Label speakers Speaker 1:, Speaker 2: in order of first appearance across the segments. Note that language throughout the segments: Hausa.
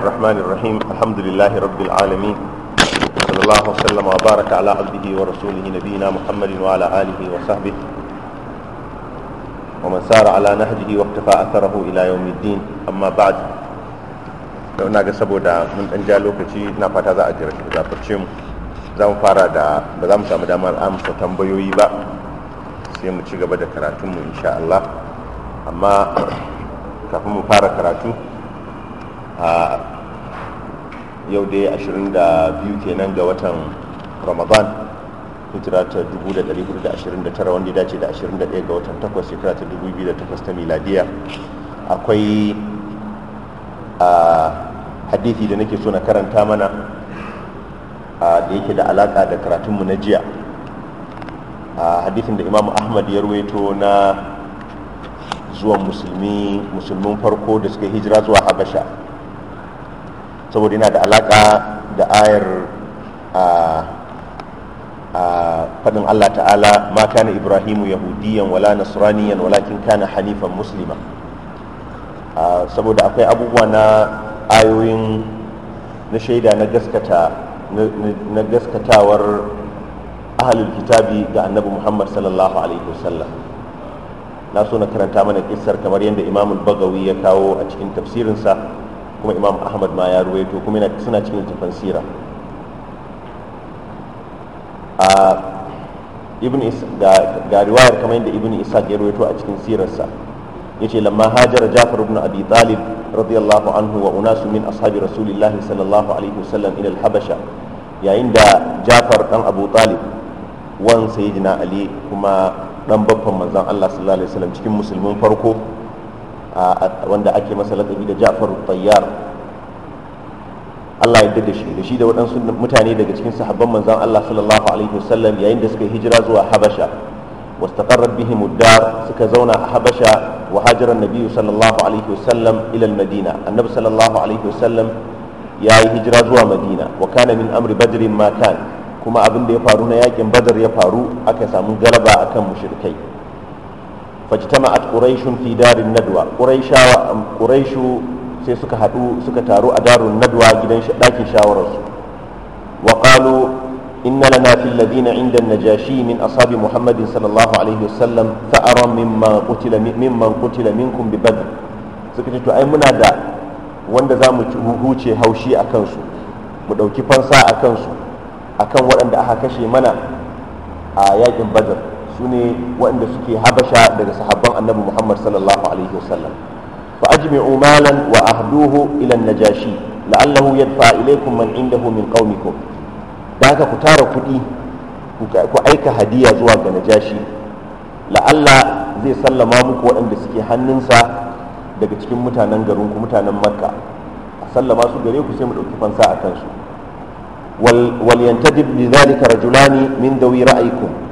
Speaker 1: الرحمن الرحيم الحمد لله رب العالمين صلى الله وسلم وبارك على عبده ورسوله نبينا محمد وعلى آله وصحبه ومن سار على نهجه واقتفى أثره إلى يوم الدين أما بعد saboda mun lokaci na fata za mu samu damar amsa tambayoyi ba sai mu ci gaba da karatunmu insha Allah kafin mu fara karatu yau ashirin da da biyu kenan ga watan ramadan hijira ta 1429 wanda ya dace da 21 ga watan 8 shekara ta 2008 ta miladiya akwai a hadithi da nake so na karanta mana da yake da alaka da karatunmu na jiya a hadithin da imamu ahmad ya ruwaito na zuwan musulmi musulmin farko da suka hijira zuwa habasha saboda yana da alaka da ayar a faɗin Allah ta'ala ma kana ibrahimu yahudiyan wala nasraniyan walakin kana hanifan muslima saboda akwai abubuwa na ayoyin na shaida na gaskatawar ahalul kitabi ga annabi muhammad sallallahu alaihi wasallam na so na karanta mana kisar kamar yadda imamul bagawi ya kawo a cikin tafsirinsa kuma imam ahmad ma ya ruwaito kuma suna cikin littafin a ibn ga riwayar kamar yadda ibn isa ya ruwaito a cikin sirarsa yace lamma hajar jafar ibn abi talib radiyallahu anhu wa unasu min ashabi rasulillahi sallallahu alaihi wasallam ila al-habasha yayin da jafar dan abu talib wan sayyidina ali kuma dan babban manzon Allah sallallahu alaihi wasallam cikin musulmin farko wanda ake masa laƙabi da ja'far tayyar Allah ya dade shi da shi da waɗansu mutane daga cikin sahabban manzan Allah sallallahu alaihi wasallam yayin da suka hijira zuwa Habasha wastaqarrat bihim ad-dar suka zauna a Habasha wa hajara an sallallahu alaihi wasallam ila al-Madina annabi sallallahu alaihi wasallam ya yi hijira zuwa Madina wa min amri badrin ma kuma abin da ya faru na yakin badar ya faru aka samu galaba akan mushrikai fajtama'at quraishun fi darin nadwa quraishawa um, quraishu sai suka hadu suka taru a darun nadwa gidan dakin shawararsu wa qalu inna lana fil ladina inda najashi min ashabi muhammadin sallallahu alaihi wasallam fa'aran mimman qutila mimman qutila minkum bi badr suka ce to ai muna da wanda za mu huce haushi a kansu mu ɗauki fansa a kansu a kan waɗanda aka kashe mana a yakin badar su ne waɗanda suke habasha daga sahabban annabi muhammad sallallahu alaihi wasallam fa ajmi'u malan wa ahduhu ila najashi la'allahu yadfa ilaykum man indahu min qaumikum dan haka ku tara kuɗi ku aika hadiya zuwa ga najashi la'alla zai sallama muku waɗanda suke hannunsa daga cikin mutanen garin ku mutanen makka a sallama su gare ku sai mu ɗauki fansa a kansu wal yantadib li dhalika rajulani min dawi ra'aykum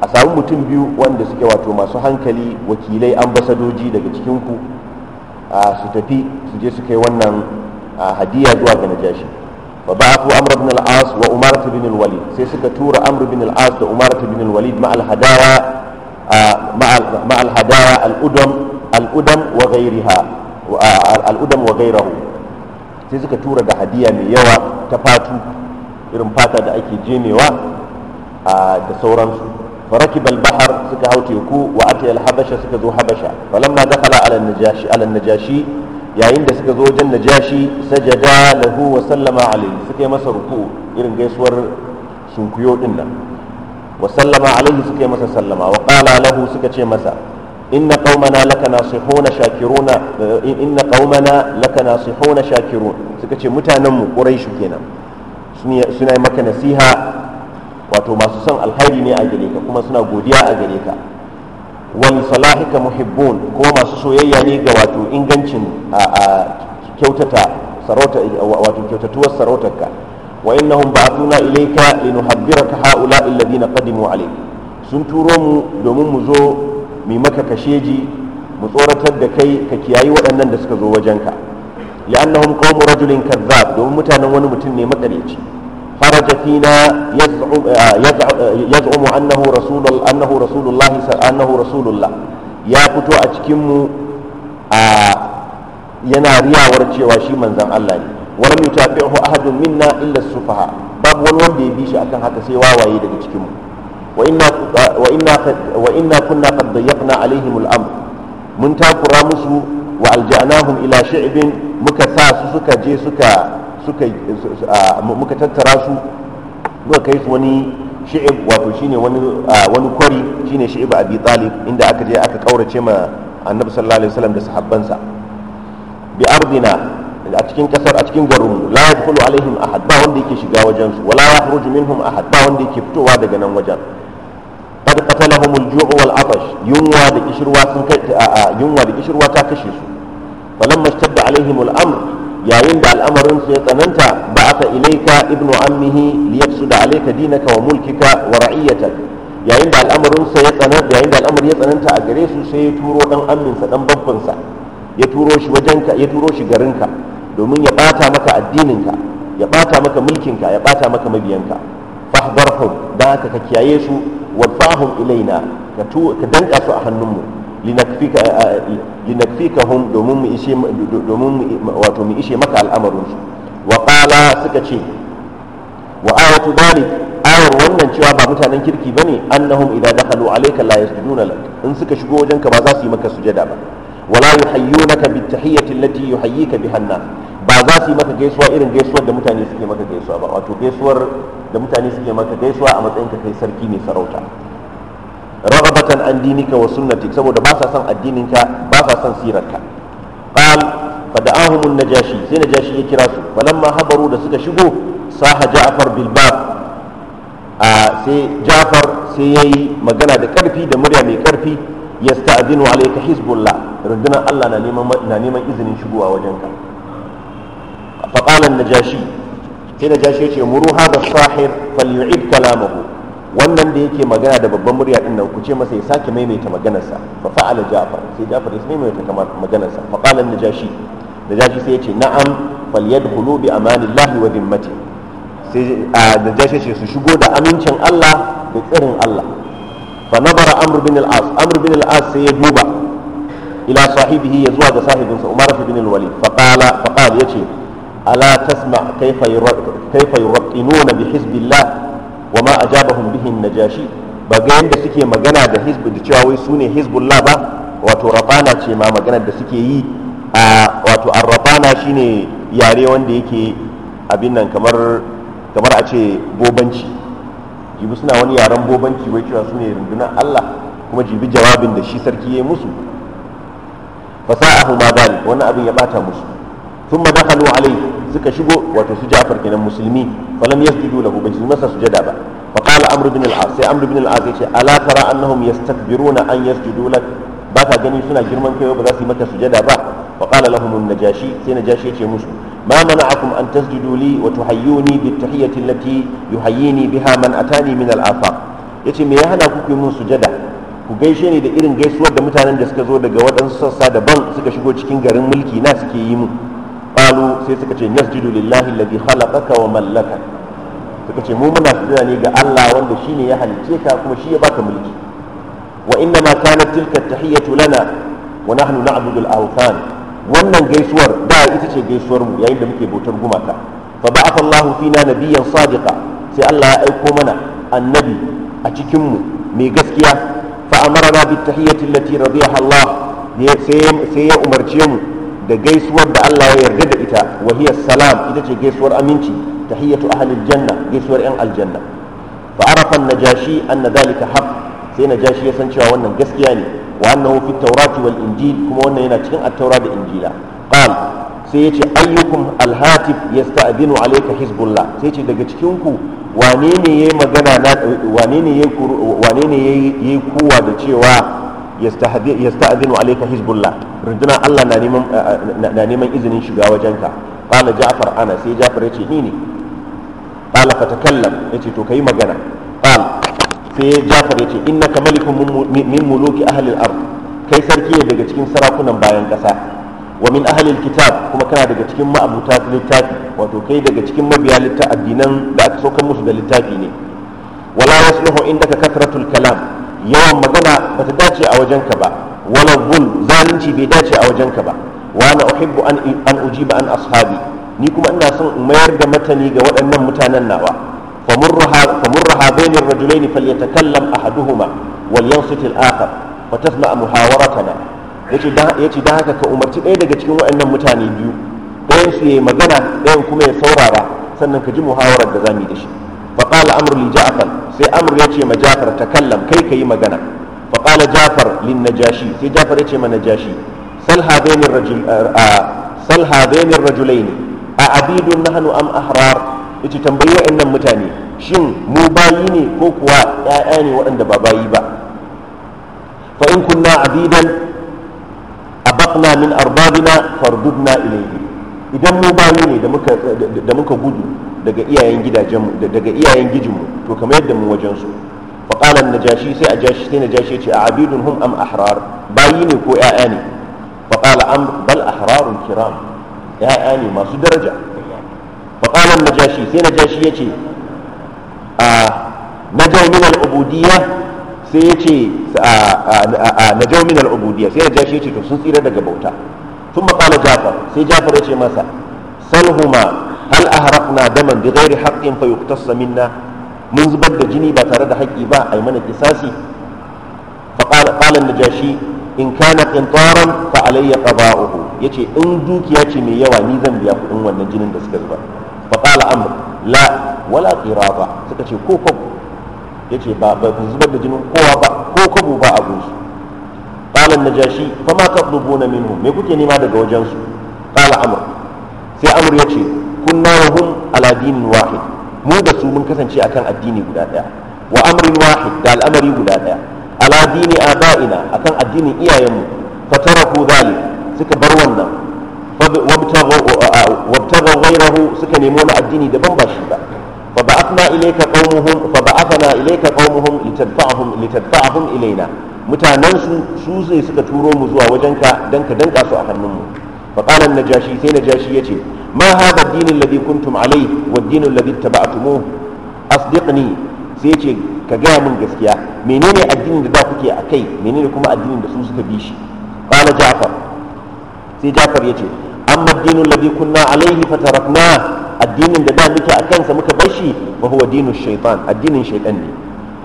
Speaker 1: a samu mutum biyu wanda suke wato masu hankali wakilai ambasadoji daga cikinku su tafi su je su kai wannan hadiya zuwa ga najashi fa ba'athu amr ibn al-as wa umar ibn al-walid sai suka tura amr ibn al-as da umar ibn al-walid ma al-hadaya ma al-hadaya al-udam al-udam wa ghayriha al-udam wa sai suka tura da hadiya mai yawa ta fatu irin fata da ake jemewa da sauransu فركب البحر سكا هو تيكو واتي الحبشه سكا ذو حبشه فلما دخل على النجاشي على النجاشي يا عند سكا ذو جن نجاشي سجد له وسلم عليه سكا مس ركوع irin gaisuwar sunkuyo din nan وسلم عليه سكا مس سلم وقال له سكا تشي مسا إن قومنا لك ناصحون شاكرون إن قومنا لك ناصحون شاكرون سكتي متانم قريش كينا سنة مكة نسيها wato masu son alkhairi ne a gare ka kuma suna godiya a gare ka wani salahika muhibbun ko masu soyayya ne ga wato ingancin a kyautata sarauta wato kyautatuwar sarautarka wa innahum ba'athuna ilayka linuhabbiraka ha'ula'i alladhina qadimu alayk sun turo mu domin mu zo mu maka kasheji mu tsoratar da kai ka kiyayi waɗannan da suka zo wajenka li'annahum qawmu rajulin kadhab domin mutanen wani mutum ne makareci خرج فينا يزعم, يزعم أنه رسول أنه رسول الله أنه رسول الله يا فتو أتكم ينا ريا ورتشي واشي من زم الله ولم يتابعه أحد منا إلا السفهاء باب ولون دي بيش أكن حتى سيوا وايد أتكم وإنا وإنا وإنا كنا قد ضيقنا عليهم الأمر من تاكرا مسو وألجأناهم إلى شعب مكثاس سكا جي سكا suka muka tattara su muka kai su wani shi'ib wato shine wani wani kwari shine shi'ib abi talib inda aka je aka kaurace ma annabi sallallahu alaihi wasallam da sahabbansa bi ardina a cikin kasar a cikin garin la yadkhulu alaihim ahad ba wanda yake shiga wajen su wala yakhruj minhum ahad ba wanda yake fitowa daga nan wajen qad qatalahum al-ju'u wal atash yunwa da kishirwa sun kai yunwa da kishirwa ta kashe su falamma ishtadda alaihim al-amr yayin da al'amarin su ya tsananta ba aka ilaika ibnu ammihi da alayka dinaka wa mulkika wa ra'iyatak yayin da al'amarin sa ya tsananta yayin da al'amari ya tsananta a gare su sai ya turo dan ammin sa dan babban sa ya turo shi ya turo shi garinka domin ya bata maka addininka ya bata maka mulkinka ya bata maka mabiyanka fahdharhum da ka kiyaye su wadfahum ilaina ka danka su a hannun mu linakfikahum domin mu ishe domin wato mu ishe maka al'amarin su wa qala suka ce wa ayatu dalik ayar wannan cewa ba mutanen kirki bane annahum idza dakhalu alayka la yasjuduna lak in suka shigo ka ba za su yi maka sujada ba wala yuhayyunaka bitahiyyati allati yuhayyika biha an-nas ba za su yi maka gaisuwa irin gaisuwar da mutane suke maka gaisuwa ba wato gaisuwar da mutane suke maka gaisuwa a matsayin ka kai sarki mai sarauta raghabatan an dinika wa sunnatik saboda ba sa son addininka ba sa son sirarka qal fada'ahum an-najashi sai najashi ya kira su falamma habaru da suka shigo saha ja'far bil bab a sai ja'far sai yayi magana da karfi da murya mai karfi yasta'dinu alayka hizbullah rundunar Allah na neman na neman izinin shigowa wajenka fa qala an-najashi sai najashi ya ce muru hadha sahir falyu'id kalamahu wannan da yake magana da babban murya din nan ku ce masa ya sake maimaita maganarsa fa fa'ala ja'far sai ja'far ya maimaita kamar maganarsa fa qala najashi najashi sai ya ce na'am yadkhulu bi amanillahi wa dimmati sai najashi ce su shigo da amincin Allah da tsirin Allah fa nabara amr bin al-as amr bin al-as sai ya duba ila sahibihi ya zuwa ga sahibinsa umar bin al-walid fa qala fa qala yace ala tasma kayfa yurqinuna bi hizbillah wa ma ajabahum bihin najashi ba ga yadda suke magana da hizb da cewa wai sune hizbullah ba wato rafana ce ma magana da suke yi a wato arrabana shine yare wanda yake abin nan kamar kamar a ce bobanci jibi suna wani yaren bobanci wai cewa sune rundunar Allah kuma jibi jawabin da shi sarki ya musu fasa'ahu ma dal wani abin ya bata musu thumma dakhalu alayhi suka shigo wato su Ja'far kenan musulmi falam yasjudu lahu bai su masa sujada ba fa qala amr ibn al-as sai amr ibn al-as yace ala tara annahum yastakbiruna an yasjudu lak ba ka gani suna girman kai ba za su yi maka sujada ba fa qala lahum an-najashi sai najashi yace musu ma mana'akum an tasjudu li wa tuhayyuni bi tahiyyati allati yuhayyini biha man atani min al-afaq yace me ya hana ku ku mun sujada ku gaishe ni da irin gaisuwar da mutanen da suka zo daga waɗansu sassa daban suka shigo cikin garin mulki na suke yi mu qalu sai suka ce nasjudu lillahi alladhi khalaqaka wa mallaka suka ce mu muna sujada ne ga Allah wanda shine ya halice ka kuma shi ya baka mulki wa inna ma kanat tilka at-tahiyatu lana wa nahnu na'budu al-awthan wannan gaisuwar da ita ce gaisuwar mu yayin da muke bautar gumaka fa ba'atha Allah fina nabiyyan sadiqa sai Allah ya aiko mana annabi a cikin mu mai gaskiya fa amarna bit tahiyati allati radiyaha Allah sai ya umarce mu da gaisuwar da Allah ya yarda da ita wa hiya salam ita ce gaisuwar aminci tahiyatu ahli janna gaisuwar yan aljanna fa arafa najashi anna dhalika haqq sai najashi ya san cewa wannan gaskiya ne wa annahu fi tawrati wal injil kuma wannan yana cikin at-taura da injila qal sai yace ayyukum alhatif hatif yasta'dinu alayka hizbullah sai yace daga cikin ku wane ne yayi magana na wane ne yayi wane ne yayi kowa da cewa yasta'dhinu alayka hizbullah rundunar Allah eh, eh, na neman izinin shiga wajenka qala ja'far ana sai ja'far yace ni ne qala fatakallam yace to kai magana qala sai ja'far yace innaka malikun min muluki ahli al-ard kai sarki ne daga cikin sarakunan bayan kasa wa min ahli al-kitab kuma kana daga cikin ma'abuta littafi wato kai daga cikin mabiya littafi addinan da aka saukar musu da littafi ne wala yasluhu indaka kasratul kalam yawan magana ba ta dace a wajenka ba wala zul zalunci bai dace a wajenka ba wa na uhibbu an an ujiba an ashabi ni kuma ina son in mayar da matani ga waɗannan mutanen nawa famurraha famurruha bayna ar-rajulayn falyatakallam ahaduhuma wal yansit al-akhar wa tasma' muhawaratana yace da yace da haka ka umarci ɗaya daga cikin waɗannan mutane biyu ɗayan su yayi magana ɗayan kuma ya saurara sannan ka ji muhawarar da zamu yi da shi faƙala amur li ja'far sai amur ya ce ma ja'far ta kallam kai ka yi magana faƙala ja'far lin najashi sai ja'far ya ce ma najashi sal hadaini eh, rajulai ne a abidun nahnu am ahrar yace tambayi wa'annan mutane shin mu bayi ne ko kuwa 'ya'ya ne waɗanda ba bayi ba fa in kunna abidan abaqna min arbabina fardudna ilayhi idan mu bayi ne da muka gudu daga iyayen gidajenmu daga iyayen gijinmu to kamar yadda mu wajen su fa qala najashi sai a jashi sai najashi yace a abidun hum am ahrar bayi ne ko ya'ya ne fa qala am bal ahrarun kiram ya'ya ne masu daraja fa qala najashi sai najashi yace a najaw min al ubudiyya sai yace a najaw min al ubudiyya sai najashi yace to sun tsira daga bauta ثم قال جعفر سي جعفر يجي masa. Salhuma. hal ahraqna daman bi ghairi haqqin fa yuqtasa minna mun zubar da jini ba tare da haƙƙi ba ai mana kisasi fa qala qala najashi in kana qintaran fa alayya qada'uhu yace in dukiya ce mai yawa ni zan biya kuɗin wannan jinin da suka zuba fa qala amr la wala qiraba suka ce ko kabu yace ba ba zubar da jinin kowa ba ko kabu ba a gunsu قال النجاشي فما تطلبون منهم me kuke nema daga wajensu? su qala amr sai amr yace kunna wa hum ala dinin wahid mu da su mun kasance akan addini guda daya wa amrin wahid da al'amari guda daya ala dini aba'ina akan addinin iyayenmu fataraku zalik suka bar wannan wabtaga ghairahu suka nemi wani addini daban ba shi ba fa ba'athna ilayka qaumuhum fa ba'athna ilayka qaumuhum litadfa'ahum litadfa'ahum ilayna mutanen su su suka turo mu zuwa wajenka dan ka danka su a hannunmu. mu fa qala an-najashi sai najashi yace ma hadha ad-din alladhi kuntum alayhi wad-din alladhi ittaba'tumuh asdiqni sai ce ka gaya mun gaskiya menene addinin da da kuke a kai menene kuma addinin da su suka bi shi qala ja'far sai ja'far yace amma ad-din alladhi kunna alayhi fatarakna addinin da da muke a kansa muka bar shi wa huwa addinin shaitan ne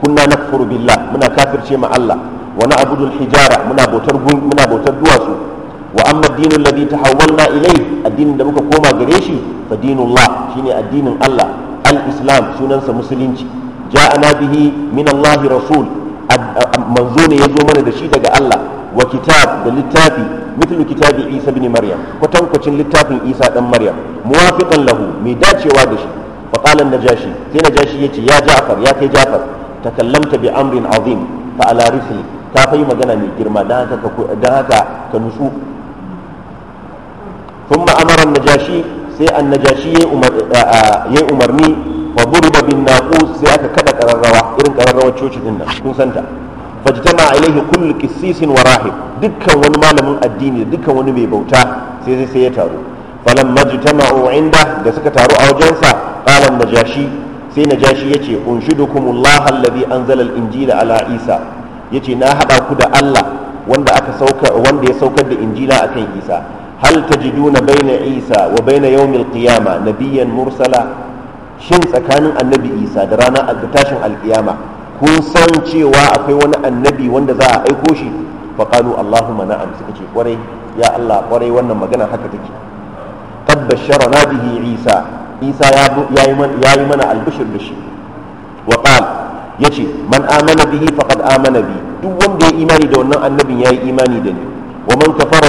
Speaker 1: kunna nakfuru billah muna kafirce ma Allah wa na'budu hijara muna bautar duwatsu wa amma dinu ta tahawwalna ilayhi addinin da muka koma gare shi fa dinullah shine addinin Allah al-islam sunansa musulunci ja'ana bihi min Allah rasul manzo ne yazo mana da shi daga Allah wa kitab da littafi mithlu kitabi Isa ibn Maryam kwatankwacin littafin Isa dan Maryam muwafiqan lahu mai dacewa da shi fa qala najashi sai najashi yace ya Ja'far ya kai Ja'far takallamta bi amrin azim fa ala risli ta fai magana mai girma dan haka ka nutsu ثم أمر النجاشي سي النجاشي يي أمرني وضرب بالناقوس سي أكا كذا كرروا إرن كرروا تشوش دينا كن سنتا فاجتمع إليه كل كسيس وراهب دكا ونمال من الدين دكا ونمي بوتا سي سي سي يتارو فلما اجتمعوا عنده da suka taru a wajensa qala najashi sai najashi yace unshidukumullahu allazi anzala al-injila ala isa yace na hada ku da Allah wanda aka sauka wanda ya saukar da injila akan isa hal na baina isa wa baina yawmil qiyama nabiyyan mursala shin tsakanin annabi isa da a tashin alkiyama kun san cewa akwai wani annabi wanda za a aiko shi fa qalu allahumma na'am suka ce kwarai ya allah kwarai wannan magana haka take qad basharana bihi isa isa ya yi mana albishir da shi wa ya ce man amana bihi faqad amana bi duk wanda ya imani da wannan annabin ya yi imani da ni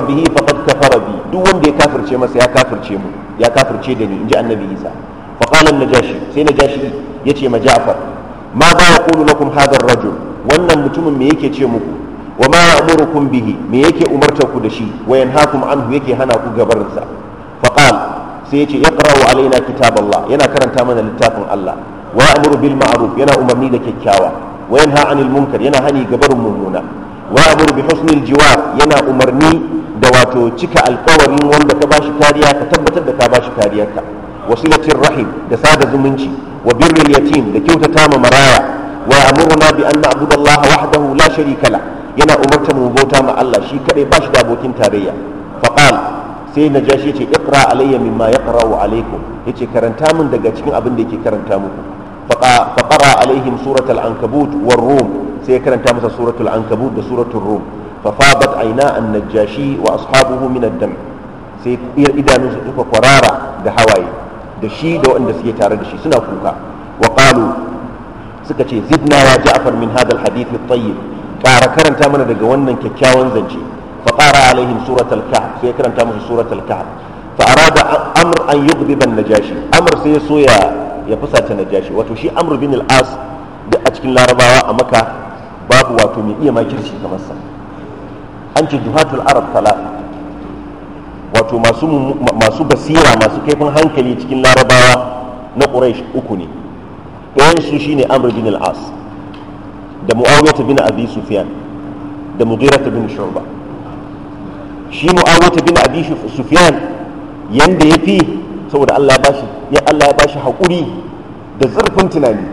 Speaker 1: bihi kafara bi duk wanda ya kafirce masa ya kafirce mu ya kafirce da ni inji annabi isa fa qala najashi sai najashi yace ma ja'far ma ba yaqulu na hadha ar-rajul wannan mutumin me yake ce muku wa ma ya'murukum bihi me yake umartar ku da shi wa yanhaakum anhu yake hana ku gabarinsa Faƙal qala sai yace yaqra'u alaina kitaballah yana karanta mana littafin Allah Waya ya'muru bil yana umarni da kyakkyawa wa yanha 'anil munkar yana hani gabarin mummuna wa amur bi husnil jiwar yana umarni da wato cika alkawarin wanda ka bashi kariya ka tabbatar da ka bashi kariyarka wasilatin rahim da sada zumunci wa birril yatim da kyautata ma maraya wa amuruna bi an na'budu Allah wahdahu la sharika la yana umarta mu bauta ma Allah shi kadai bashi da abokin tarayya faƙal sai na jashi ce ikra alayya mimma yaqra'u alaykum yace karanta min daga cikin abin da yake karanta muku faqara alaihim suratul ankabut war rum sai ya karanta masa suratul ankabut da suratul rum fa a aina an-najashi wa ashabuhu min ad-dam sai idanun su tuka kwarara da hawaye da shi da waɗanda suke tare da shi suna kuka wa qalu suka ce zidna ya ja'far min hadha al-hadith at-tayyib ƙara karanta mana daga wannan kyakkyawan zance fa qara alaihim suratul kahf sai ya karanta musu suratul kahf fa arada amr an yughdiba an-najashi amr sai ya soya ya fusata najashi wato shi amr bin al-as duk a cikin larabawa a maka babu wato mai iya makirci kamar sa an ce juhatul arab talata wato masu masu basira masu kaifin hankali cikin larabawa na quraish uku ne ɗayan su shine amr bin al-as da muawiyah bin abi sufyan da mughirah bin Shurba. shi muawiyah bin abi sufyan yanda yafi saboda Allah ya bashi ya Allah ya bashi hakuri da zurfin tunani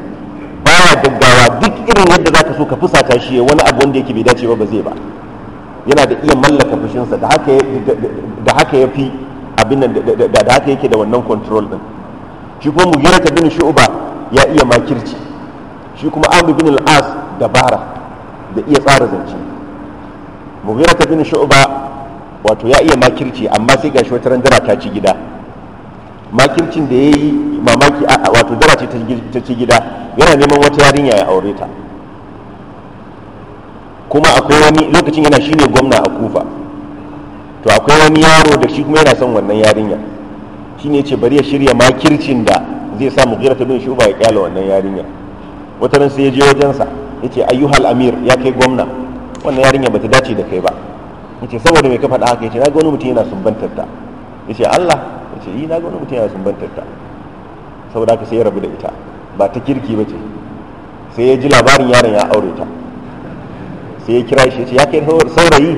Speaker 1: baya gaggawa duk irin yadda zaka so ka fusata shi wani abu wanda yake bai dace ba ba zai ba yana da iya mallaka fushinsa da haka ya fi abin nan da haka yake da wannan control din shi kuma mugira ta bin shu'ba ya iya makirci shi kuma bi bin al'as da dabara da iya tsara zance mugira ta bin shu'ba wato ya iya makirci amma sai gashi wata randara ta ci gida makircin da ya yi. mamaki wato dara ce ta ci gida yana neman wata yarinya ya aure ta kuma akwai wani lokacin yana shine gwamna a kufa to akwai wani yaro da shi kuma yana son wannan yarinya ne yace bari ya shirya makircin da zai sa gira ta bin shuba ya kyala wannan yarinya wata ran sai ya je wajensa yace ayyuhal amir ya kai gwamna wannan yarinya bata dace da kai ba yace saboda mai ka faɗa haka yace na ga wani mutum yana sumbantar ta yace Allah yace yi na ga wani mutum yana sumbantar ta saboda ka sai ya rabu da ita ba ta kirki ba ce sai ya ji labarin yaron ya aure ta sai ya kira shi ya ce ya kai saurayi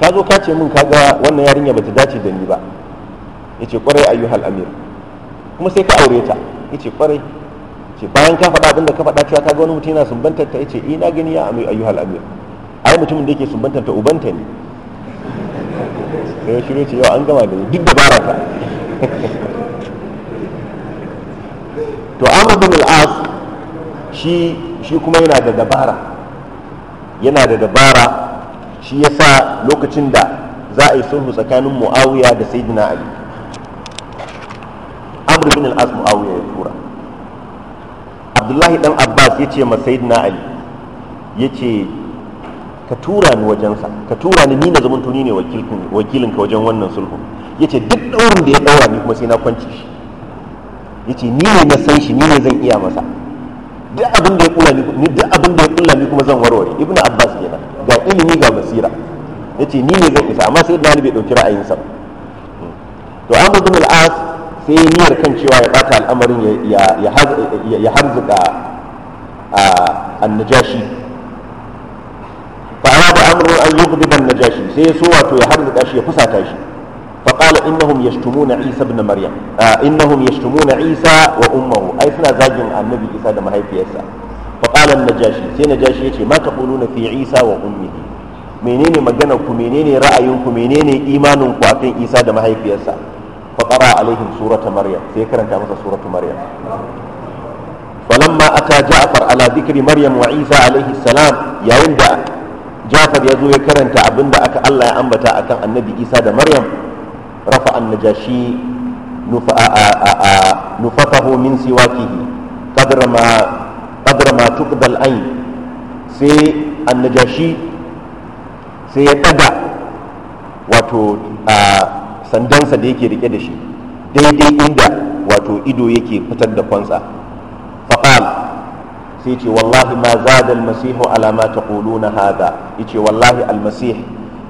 Speaker 1: ka zo ka ce min ga wannan yarinya bata dace da ni ba ya ce kwarai ayu amir kuma sai ka aure ta ya ce kwarai ce bayan ka faɗa abinda ka faɗa cewa ga wani mutum yana sumbantar ta ya ce ina eh, gani ya amir ayu amir ai mutumin da yake sumbantar ta ubanta ne sai ya shirya ce yau an gama da ni duk dabara ta to amr bin al shi shi kuma yana da dabara yana da dabara shi sa lokacin da za a yi sulhu tsakanin muawiya da sayyidina ali amr bin al'as muawiya ya tura abdullahi dan abbas ya ce ma sayyidina ali ya ce ka tura ni wajensa ka tura ni ni zamantoni ni ne wakilinka wajen wannan sulhu ya ce duk daurin da ya daura ni kuma sai na kwanci shi yace ni ne na san shi ni ne zan iya masa duk abin da ya kula ni duk abin da ya kula ni kuma zan warware ibnu abbas kenan ga ilimi ga basira yace ni ne zan isa amma sai da ya dauki ra'ayinsa sa to amma ibn al-as sai ya niyar kan cewa ya bata al'amarin ya ya harzuka an-najashi fa arada amru an yughdiba an-najashi sai ya so wato ya harzuka shi ya fusata shi qala innahum yashtumuna isa ibn maryam innahum yashtumuna isa wa ummuhu ai suna zagin annabi isa da mahaifiyarsa fa qala najashi sai najashi yace ma taquluna fi isa wa ummihi menene magana ku menene ra'ayin menene imanin akan isa da mahaifiyarsa fa qara alaihim surata maryam sai karanta masa suratu maryam falamma ata ja'far ala dhikri maryam wa isa alaihi salam yayin da Jafar ya zo ya karanta abin da aka Allah ya ambata akan Annabi Isa da Maryam rafa annajashi nufafahu min siwakihi qadra ma qadra ma tuqbal ayn sai sai ya daga wato sandansa da yake rike da shi daidai inda wato ido yake fitar da kwansa faqal sai ce wallahi ma zada almasihu ala ma taquluna hadha yace wallahi almasih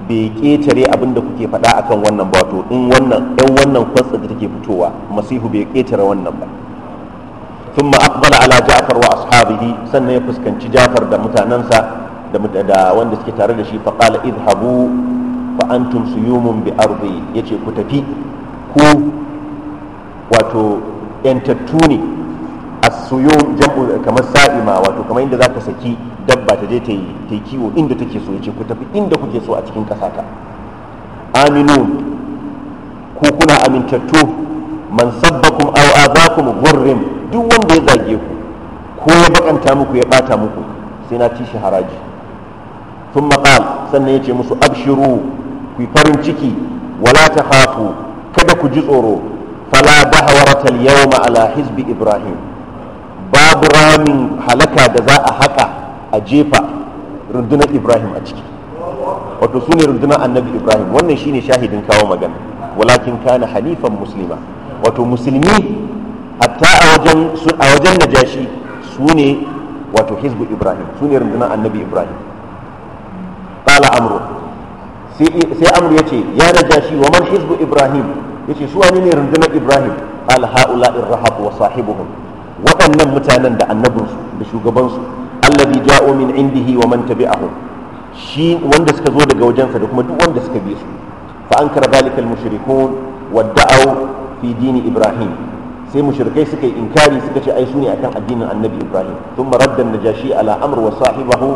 Speaker 1: bai ƙetare abinda da kuke faɗa akan wannan ba to in wannan ɗan wannan kwatsa da take fitowa masihu bai ƙetare wannan ba sun ma'akbala ala ja'far wa ashabihi sannan ya fuskanci ja'far da mutanensa da wanda suke tare da shi faƙala idhabu fa antum suyumun bi ya yace ku tafi ku wato yantattu ne as-suyum jam'u kamar sa'ima wato kamar inda zaka saki dabba ta je ta yi kiwo inda take so yace ku tafi inda kuke so a cikin ƙasa ta aminu ku kuna amintattu man sabbakum aw azakum gurrim duk wanda ya zage ku ko ya bakanta muku ya bata muku sai na ci shi haraji sun maƙal sannan ya ce musu abshiru ku farin ciki wala ta hafu kada ku ji tsoro fala da dahawaratal yau ala hizbi ibrahim babu ramin halaka da za a haƙa a jefa rundunar ibrahim a ciki wato su ne rundunar annabi ibrahim wannan shine shahidin kawo magana walakin kana halifan muslima wato musulmi hatta a wajen a wajen najashi su ne wato hizbu ibrahim su ne rundunar annabi ibrahim qala amru sai amru ya ce ya najashi wa man hizbu ibrahim ya ce su wani ne rundunar ibrahim qala haula irhab wa sahibuhum waɗannan mutanen da annabinsu da shugabansu alladhi ja'u min indihi wa man tabi'ahum shi wanda suka zo daga wajensa da kuma duk wanda suka bi su fa ankara zalika al-mushrikun wa da'u fi dini ibrahim sai mushrikai suka yi inkari suka ce ai sune akan addinin annabi ibrahim thumma radda najashi ala amr wa sahibahu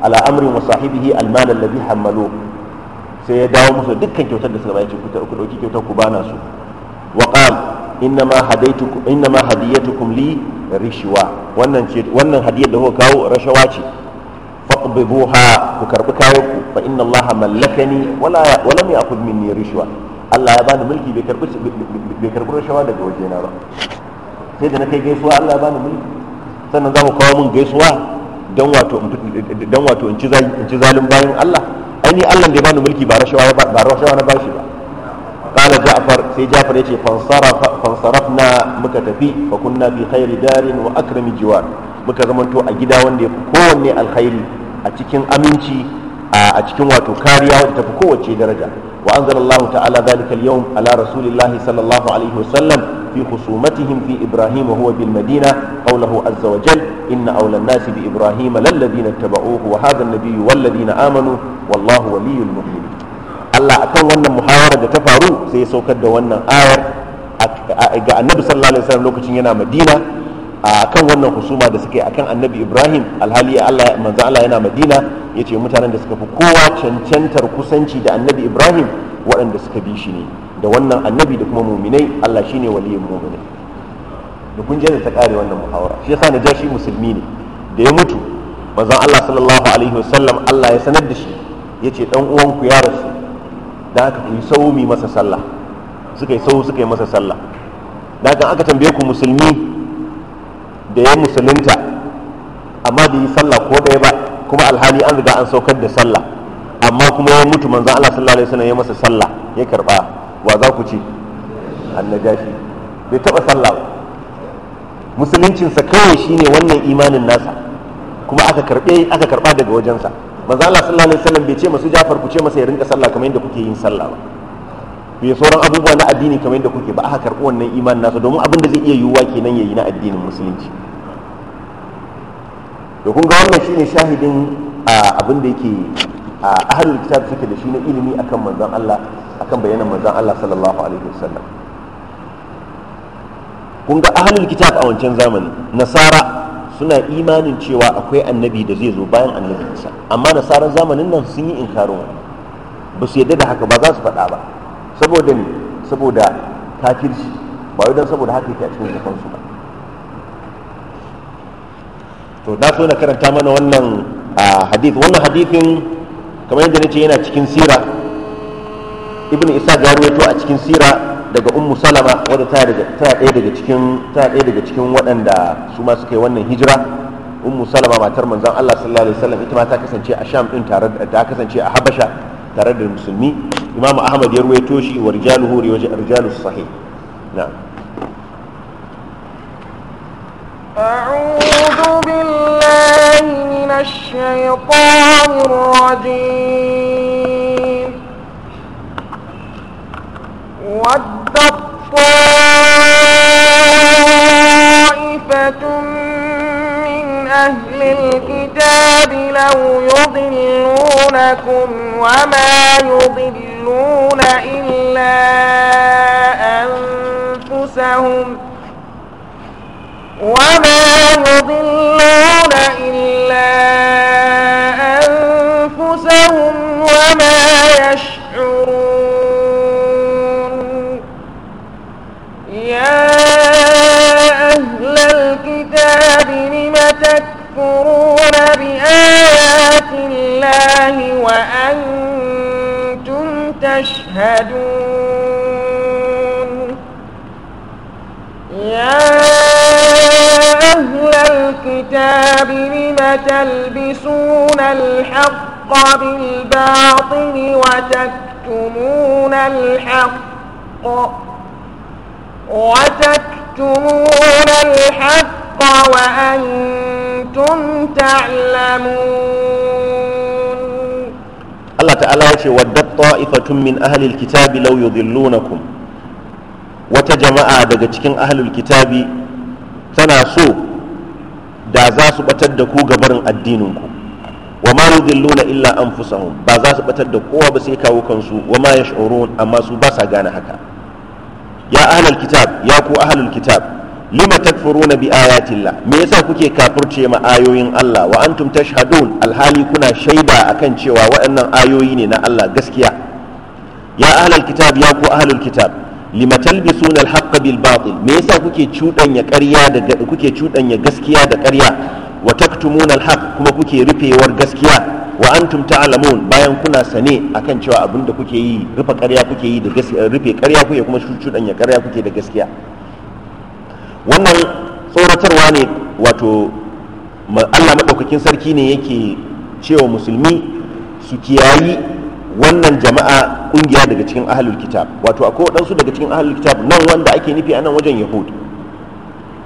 Speaker 1: ala amrin wa sahibihi al-mal alladhi hammalu sai ya dawo musu dukkan kyautar da suka bayar ce ku dauki kyautar ku bana su wa qala inna ma innama hadiyatukum li rishwa wannan ce wannan hadiyar da kuka kawo rashawa ce faqbibuha ku karbi kawo ku fa inna allaha mallakani wala wala lam ya'khudh minni rishwa Allah ya bani mulki bai karbi bai karbi rashawa daga wajena ba sai da na kai gaisuwa Allah ya bani mulki sannan za ku kawo mun gaisuwa dan wato dan wato in ci zalin bayan Allah ai ni Allah da ya bani mulki ba rashawa ba rashawa na bashi ba qala ja'far sai ja'far yace na muka tafi fa kunna fi khairi darin wa akrami jiwar muka zamanto a gida wanda ya fi kowanne alkhairi a cikin aminci a cikin wato kariya wadda tafi kowacce daraja wa anzalallahu ta'ala dhalika al ala rasulillahi sallallahu alaihi wasallam في خصومتهم في إبراهيم وهو بالمدينة قوله عز وجل إن أولى الناس بإبراهيم للذين اتبعوه وهذا النبي والذين آمنوا والله ولي المؤمنين Allah akan wannan muhawara da ta faru sai ya saukar da wannan ayar ga annabi sallallahu alaihi wasallam lokacin yana madina akan wannan husuma da suke akan annabi ibrahim alhali Allah manzo Allah yana madina yace mutanen da suka fi kowa cancantar kusanci da annabi ibrahim waɗanda suka bi shi ne da wannan annabi da kuma muminai Allah shine waliyin muminai da kun je da ta kare wannan muhawara shi yasa shi musulmi ne da ya mutu manzo Allah sallallahu alaihi wasallam Allah ya sanar da shi yace dan uwanku ya rasu da haka ku yi sau masa sallah suka yi sau suka yi masa sallah da haka aka tambaye ku musulmi da ya musulunta amma da yi sallah ko ɗaya ba kuma alhali an riga an saukar da sallah amma kuma ya mutu manzan Allah sallallahu alaihi wasallam ya masa sallah ya karba wa za ku ce annajashi bai taba sallah ba musuluncinsa kawai shine wannan imanin nasa kuma aka karbe aka karba daga wajensa manzo Allah sallallahu alaihi wasallam bai ce masu Jafar ku ce masa ya rinka sallah kamar yadda kuke yin sallah ba bai sauran abubuwa na addini kamar yadda kuke ba aka karɓi wannan imanin nasa domin abin da zai iya yiwuwa kenan yayi na addinin musulunci to kun ga wannan shine shahidin abin da yake ahlul kitab suke da shi na ilimi akan manzon Allah akan bayanan manzon Allah sallallahu alaihi wasallam kun ga ahlul kitab a wancan zamani nasara suna imanin cewa akwai annabi da zai zo bayan annabi isa amma nasarar zamanin nan sun yi inkarin ba su yadda da haka ba za su faɗa ba saboda ne saboda kafirci ba wai don saboda haka yake a cikin zafansu ba to na so na karanta mana wannan hadith wannan hadithin kamar yadda nace yana cikin sira ibn isa ya to a cikin sira daga ummu salama wadda ta ɗaya daga cikin ta ɗaya daga cikin waɗanda su ma suka yi wannan hijira ummu salama matar manzon Allah sallallahu alaihi wasallam ita ma ta kasance a Sham din tare da ta kasance a Habasha tare da musulmi Imam Ahmad ya ruwaito shi wa rijaluhu arjalus sahih na'am
Speaker 2: أعوذ بالله من الشيطان الرجيم وَدَّتْ طَائِفَةٌ مِّنْ أَهْلِ الْكِتَابِ لَوْ يُضِلُّونَكُمْ وَمَا يُضِلُّونَ إِلَّا أَنفُسَهُمْ وَمَا يُضِلُّونَ الله وأنتم تشهدون يا أهل الكتاب لم تلبسون الحق بالباطل وتكتمون الحق وتكتمون الحق وأنتم تعلمون
Speaker 1: ta'ala ya ce waddat ta'ifatun min ahlil kitabi law yudhillunakum wata jama'a daga cikin ahlul kitabi tana so da za su batar da ku gabarin addininku wa ma yudhilluna illa anfusahum ba za su batar da kowa ba sai kawo kansu wa ma yash'urun amma su ba sa gane haka ya ahlul kitab ya ku ahlul kitab lima takfuruna bi ayatillah me yasa kuke kafirce ma ayoyin Allah wa antum tashhadun alhali kuna shaida akan cewa waɗannan ayoyi ne na Allah gaskiya ya ahlal kitab ya ku ahlul kitab lima talbisuna alhaqq bil batil me yasa kuke cudanya ƙarya da kuke cudanya gaskiya da ƙarya wa taktumuna alhaq kuma kuke rufewar gaskiya wa antum ta'lamun bayan kuna sane akan cewa abinda kuke yi rufe ƙarya kuke yi da gaskiya rufe ƙarya kuke kuma ya ƙarya kuke da gaskiya wannan tsoratarwa ne wato Allah maɗaukakin sarki ne yake cewa musulmi su kiyayi wannan jama'a ƙungiya daga cikin ahalul kitab wato akwai waɗansu daga cikin ahalul kitab nan wanda ake nufi a nan wajen yahud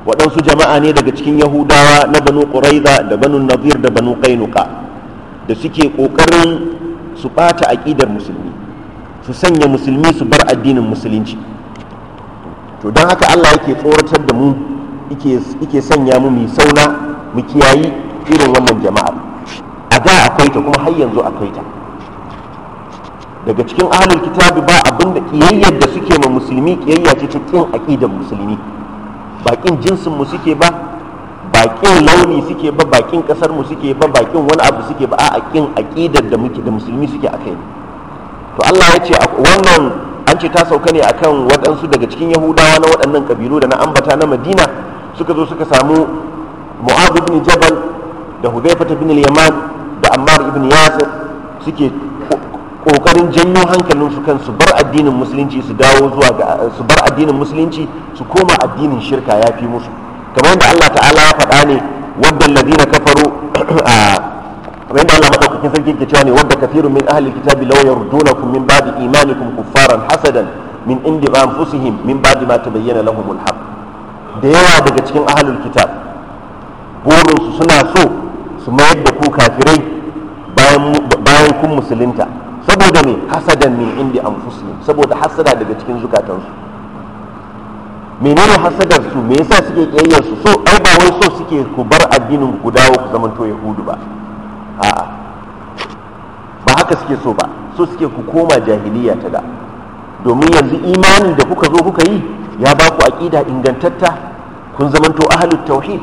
Speaker 1: waɗansu jama'a ne daga cikin yahudawa na banu ƙuraiza da banu nazir da banu ƙainuka da suke ƙoƙarin su ɓata aƙidar musulmi su sanya musulmi su bar addinin musulunci to don haka Allah yake tsoratar da mu yake sanya mu mai sauna mu kiyayi irin wannan jama'ar a da akwai ta kuma har yanzu akwai ta daga cikin ahlul kitabi ba abin da kiyayyar da suke ma musulmi kiyayya ce cikin aqidar musulmi bakin jinsin mu suke ba bakin launi suke ba bakin kasar mu suke ba bakin wani abu suke ba a kin aqidar da muke da musulmi suke akai to Allah ya ce wannan an ce ta sauka ne akan waɗansu daga cikin yahudawa na waɗannan ƙabilu da na ambata na madina suka zo suka samu mu'az ibn jabal da hudayfa ibn yaman da ammar ibn yasir suke kokarin janyo hankalin su kan su bar addinin musulunci su dawo zuwa ga su bar addinin musulunci su koma addinin shirka yafi musu kamar da Allah ta'ala ya faɗa ne wadda alladhina kafaru kamar yadda Allah madaukakin sarki ke cewa ne wadda kafirun min ahli kitabi law yardunakum min ba'di imanikum kuffaran hasadan min indi anfusihim min ba'di ma tabayyana lahumul haqq da yawa daga cikin ahlul kitab burinsu suna so su mayar da ku kafirai bayan kun musulunta saboda ne hasadan min indi anfusihim saboda hasada daga cikin zukatansu menene hasadar su me yasa suke kiyayyar su so ai ba wai so suke ku bar addinin ku dawo ku zamanto yahudu ba haka suke so ba so suke ku koma jahiliya ta da domin yanzu imanin da kuka zo kuka yi ya ba ku aƙida ingantatta kun zamanto ahalut tauhid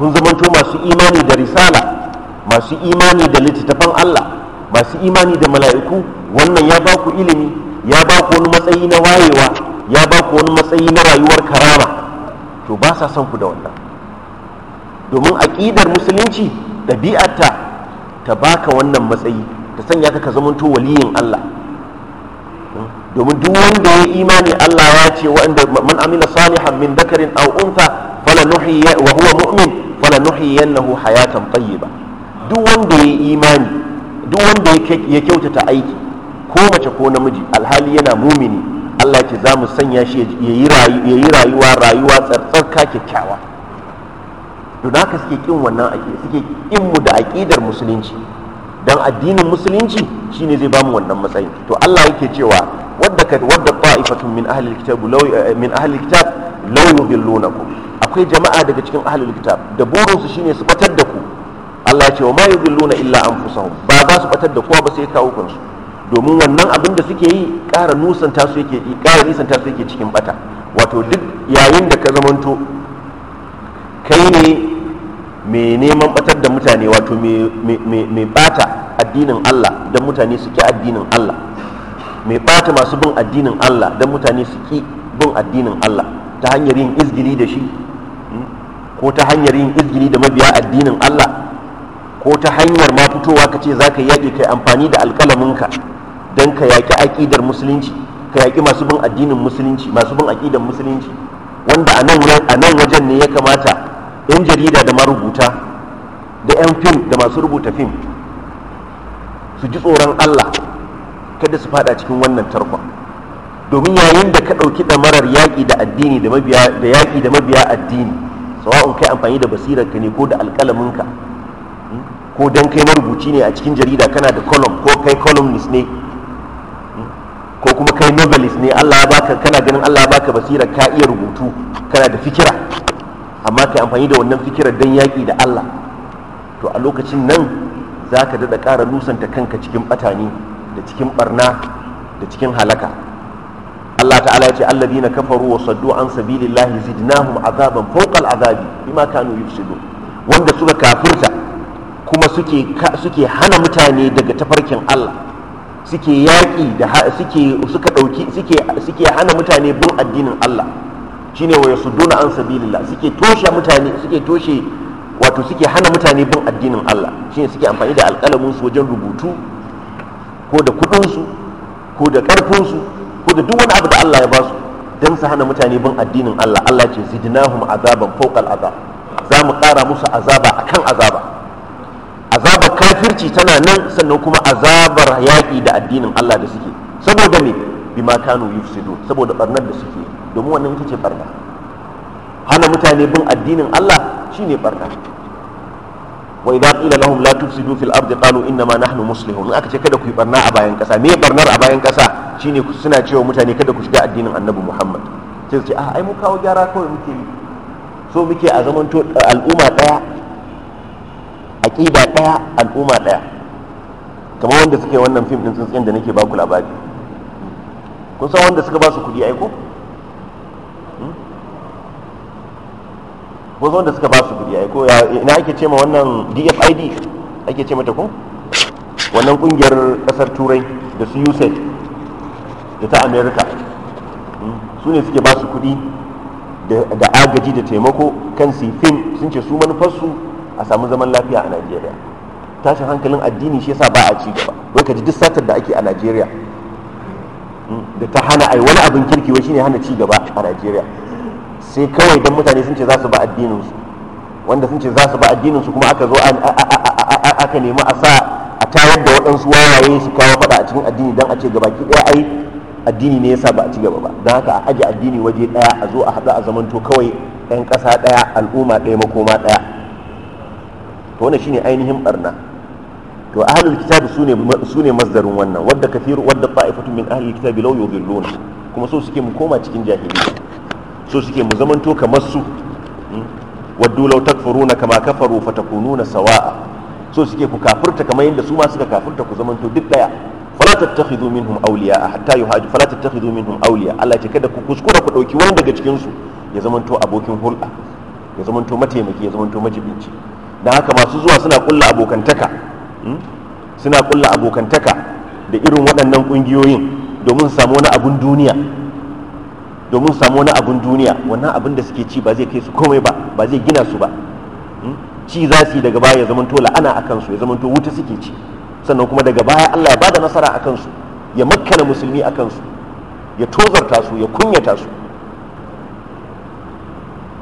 Speaker 1: kun zamanto masu imani da risala masu imani da littattafan Allah masu imani da mala'iku wannan ya ba ku ilimi ya ba ku wani matsayi na wayewa ya ba ku wani matsayi na rayuwar karama to ba sa son ku da wannan domin aƙidar musulunci ɗabi'arta ta baka wannan matsayi sanya ka ka zamanto waliyin Allah domin duk wanda ya imani Allah ya ce wanda man amila salihan min dakarin aw untha fala nuhiyya wa huwa mu'min fala nuhyiyannahu hayatan tayyiba duk wanda ya imani duk wanda ya kyautata aiki ko mace ko namiji alhali yana mumini Allah ce za mu sanya shi ya yi rayuwa rayuwa tsartsarka kyakkyawa don haka suke kin wannan ake suke kin mu da aƙidar musulunci dan addinin musulunci shine zai bamu wannan matsayin to Allah yake cewa wadda ka wadda ta'ifatun min ahli alkitab law eh, min ahli alkitab law yudillunakum akwai jama'a daga cikin ahli alkitab da burin su shine su batar da ku Allah ya ce wa ma yudilluna illa anfusahum ba za su batar da kowa ba sai kawo kansu domin wannan abin da suke yi ƙara nusanta su yake ƙara nisanta su yake cikin bata wato duk yayin da ka zamanto kai ne mai neman batar da mutane wato mai bata addinin Allah don mutane su ki addinin Allah mai bata masu bin addinin Allah don mutane su ki bin addinin Allah ta hanyar yin izgiri da shi hmm? ko ta hanyar yin izgili da mabiya addinin Allah ko ta hanyar ma fitowa ka ce za ka yaƙi kai amfani da alƙalaminka don ka yaƙi aƙidar musulunci ka yaƙi masu bin addinin musulunci masu bin aƙidar musulunci wanda a nan wajen ne ya kamata 'yan jarida da marubuta da 'yan fim da masu rubuta fim su ji tsoron allah kada su fada cikin wannan tarkon domin yayin da ka ɗauki ɗamarar yaƙi da addini da yaƙi da mabiya addini sawa'un kai amfani da basirarka ne ko da alƙalaminka hmm, ko don kai marubuci ne a cikin jarida kana da column ko kai columnist ne hmm, ko kuma kai novelist ne allah ya baka kana ganin allah ya baka basira ka iya rubutu kana da fikira amma kai amfani da wannan fikirar dan yaƙi da Allah to a lokacin nan za ka daɗa ƙara nusanta kanka cikin batani da cikin ɓarna da cikin halaka Allah ta'ala ya ce allabi na kafaru wa saddu an sabilillahi zidnahum azaban fawqal azabi bima kanu yufsidun wanda suka kafirta kuma suke suke hana mutane daga tafarkin Allah suke yaƙi da suke suka dauki suke suke hana mutane bin addinin Allah shine wa yasudduna an sabilillah suke toshe mutane suke toshe wato suke hana mutane bin addinin Allah shine suke amfani da alƙalamin su wajen rubutu ko da kuɗin su ko da ƙarfin ko da duk wani abu da Allah ya ba su dan su hana mutane bin addinin Allah Allah ce zidnahum azaban fawqal azab za mu ƙara musu azaba akan azaba azabar kafirci tana nan sannan kuma azabar yaƙi da addinin Allah da suke saboda me bima kanu yufsidu saboda barnar da suke domin wannan ita ce barna hana mutane bin addinin Allah shine barna wa idza qila lahum la tufsidu fil ardi qalu inna ma nahnu muslihun aka ce kada ku yi barna a bayan kasa me barnar a bayan kasa shine suna cewa mutane kada ku shiga addinin Annabi Muhammad sai su ce ah ai mu kawo gyara kawai muke yi so muke a to al'umma daya aqida daya al'umma daya kamar wanda suke wannan fim din tsuntsun da nake baku labari kun san wanda suka ba su kudi aiko hmm? kun san wanda suka ba su kudi aiko ina ake ce ma wannan dfid ake ce mata ko wannan kungiyar kasar turai da su usaid da ta america hmm? su ne suke ba su kuɗi da agaji da taimako kan sifin sun ce su manufarsu a samu zaman lafiya a najeriya tashin hankalin addini shi yasa ba a ci gaba wai ka ji duk satar da ake a najeriya da ta hana ai wani abin kirki wai shine hana ci gaba a Najeriya sai kawai dan mutane sun ce za su ba addinin su wanda sun ce za su ba addinin su kuma aka zo aka nemi a sa a tayar da waɗansu wawaye su kawo faɗa a cikin addini dan a ce gaba ki ɗaya ai addini ne yasa ba a ci gaba ba don haka a aje addini waje ɗaya a zo a haɗu a zamanto kawai ɗan ƙasa ɗaya al'umma ɗaya makoma ɗaya to wannan shine ainihin barna to ahlul kitabi sune sune masdarin wannan wadda kathiru wadda ta'ifatu min ahlul kitabi law yudillun kuma so suke mu koma cikin jahiliya so suke mu to kamar su hmm? waddu law takfuruna kama kafaru fatakununa sawa'a so suke ku kafirta kamar yadda su ma suka kafirta ku to duk daya fala tattakhidhu minhum awliya hatta yuhaju fala tattakhidhu minhum awliya Allah ya kada ku kuskura ku dauki wani daga cikin su ya to abokin hulɗa ya to mataimaki ya to majibinci dan haka masu zuwa suna kulla abokantaka Hmm? suna kulla abokantaka da irin waɗannan ƙungiyoyin domin samu wani abun duniya domin samu wani abun duniya wannan abin da suke ci ba zai kai su komai ba ba zai gina su ba hmm? ci za su yi daga baya ya zamanto la'ana a kansu ya zamanto wuta suke ci sannan kuma daga baya Allah ya bada nasara a kansu ya makkana musulmi a kansu ya tozarta su ya kunyata su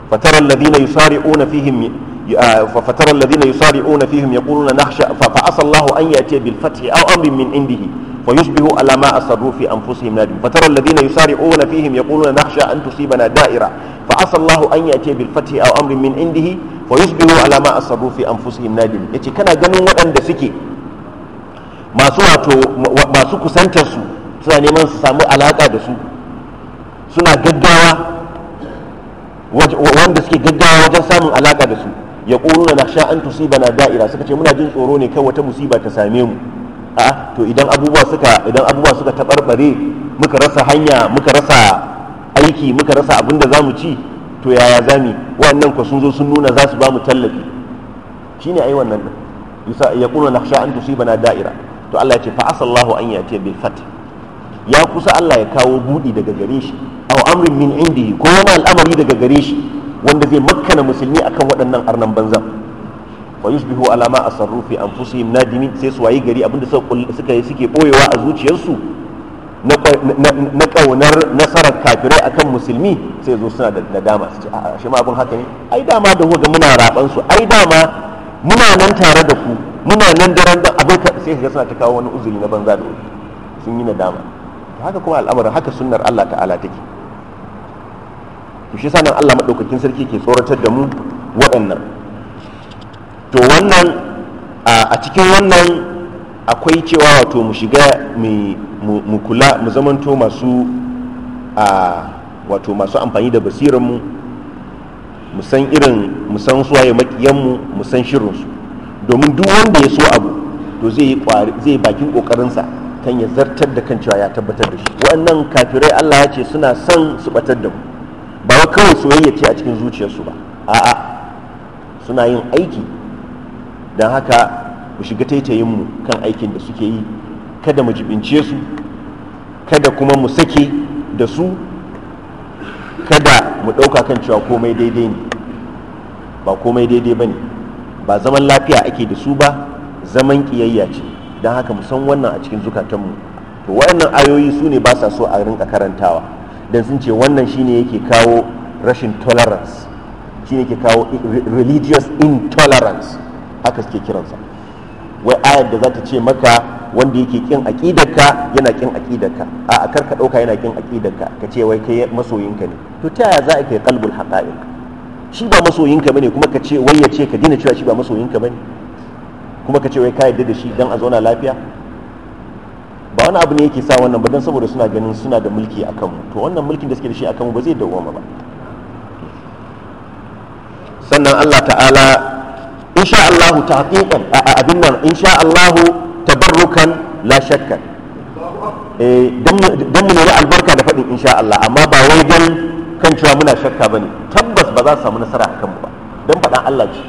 Speaker 1: فترى الذين يسارعون فيهم فترى الذين يصارعون فيهم يقولون نخشى فعسى الله أن يأتي بالفتح أو أمر من عنده فيصبحوا على ما أسروا في أنفسهم نادم فترى الذين يصارعون فيهم يقولون نخشى أن تصيبنا دائرة فعسى الله أن يأتي بالفتح أو أمر من عنده فيصبحوا على ما أسروا في أنفسهم نادم يتي كان جنون وأن دسكي ما سوى ما سوى سنتسو سنة من سامو علاقة دسو سنة جدوة wanda suke gaggawa wajen samun alaka da su ya ƙuru na sha an bana da'ira suka ce muna jin tsoro ne kai wata musiba ta same mu a to idan abubuwa suka idan abubuwa suka taɓarɓare muka rasa hanya muka rasa aiki muka rasa abin da za mu ci to yaya za mu wannan ku sun zo sun nuna za su ba mu tallafi shine ai wannan din ya ƙuru na sha an bana da'ira to Allah ya ce fa asallahu an yati bil fat ya kusa Allah ya kawo budi daga gare shi aw amrin min indihi ko wani al'amari daga gare shi wanda zai makkana musulmi akan waɗannan arnan banza wa yusbihu alama asarru fi anfusihim nadimin sai su wayi gari abinda suka yi suke boyewa a zuciyarsu na kaunar nasarar kafirai akan musulmi sai zo suna da nadama su ce a shi ma abin haka ne ai dama da ga muna raban su ai dama muna nan tare da ku muna nan daren da abin ka sai ga suna ta kawo wani uzuri na banza da sun yi nadama haka kuma al'amarin haka sunnar Allah ta'ala take to shi sanan Allah maɗaukakin sarki ke tsoratar da mu waɗannan to wannan a cikin wannan akwai cewa wato mu shiga mu kula mu zamanto masu wato masu amfani da basiranmu mu san irin mu san ya makiyanmu mu san shirinsu domin duk wanda ya so abu to zai bakin kokarinsa kan ya zartar da kan cewa ya tabbatar da shi waɗannan kafirai Allah ya ce suna son su batar da mu ba wa kawai soyayya ce a cikin zuciyarsu ba a'a suna yin aiki don haka mu shiga taitayinmu kan aikin da suke yi kada mu jibince su kada kuma mu sake da su kada mu ɗauka kan cewa komai daidai ne ba komai daidai ba ne ba zaman lafiya ake da su ba zaman ƙiyayya ce don haka mu san wannan a cikin zukatanmu to waɗannan ayoyi su ne ba sa so a rinka karantawa don sun ce wannan shine yake kawo rashin tolerance shine yake kawo religious intolerance haka suke kiransa wai ayar da za ta ce maka wanda yake kin ka yana kin ka a a karka dauka yana kin aqidarka ka ce wai kai masoyinka ne to ta yaya za ka yi qalbul haqa'iq shi ba masoyinka bane kuma ka ce wai ya ce ka dina cewa shi ba masoyinka bane kuma ka ce wai ka yarda da shi dan a zauna lafiya wani abu ne yake sa wannan ba don saboda suna ganin suna da mulki a kanmu to wannan mulkin da suke da shi a kanmu ba zai dawoma ba sannan Allah ta'ala insha Allahu a abin nan insha Allahu tabarrukan la shakkan eh, don mu ne albarka da fadin insha Allah amma ba wai kan cewa muna shakka ba ne tabbas ba za su samu nasara a kanmu ba don fadan Allah ce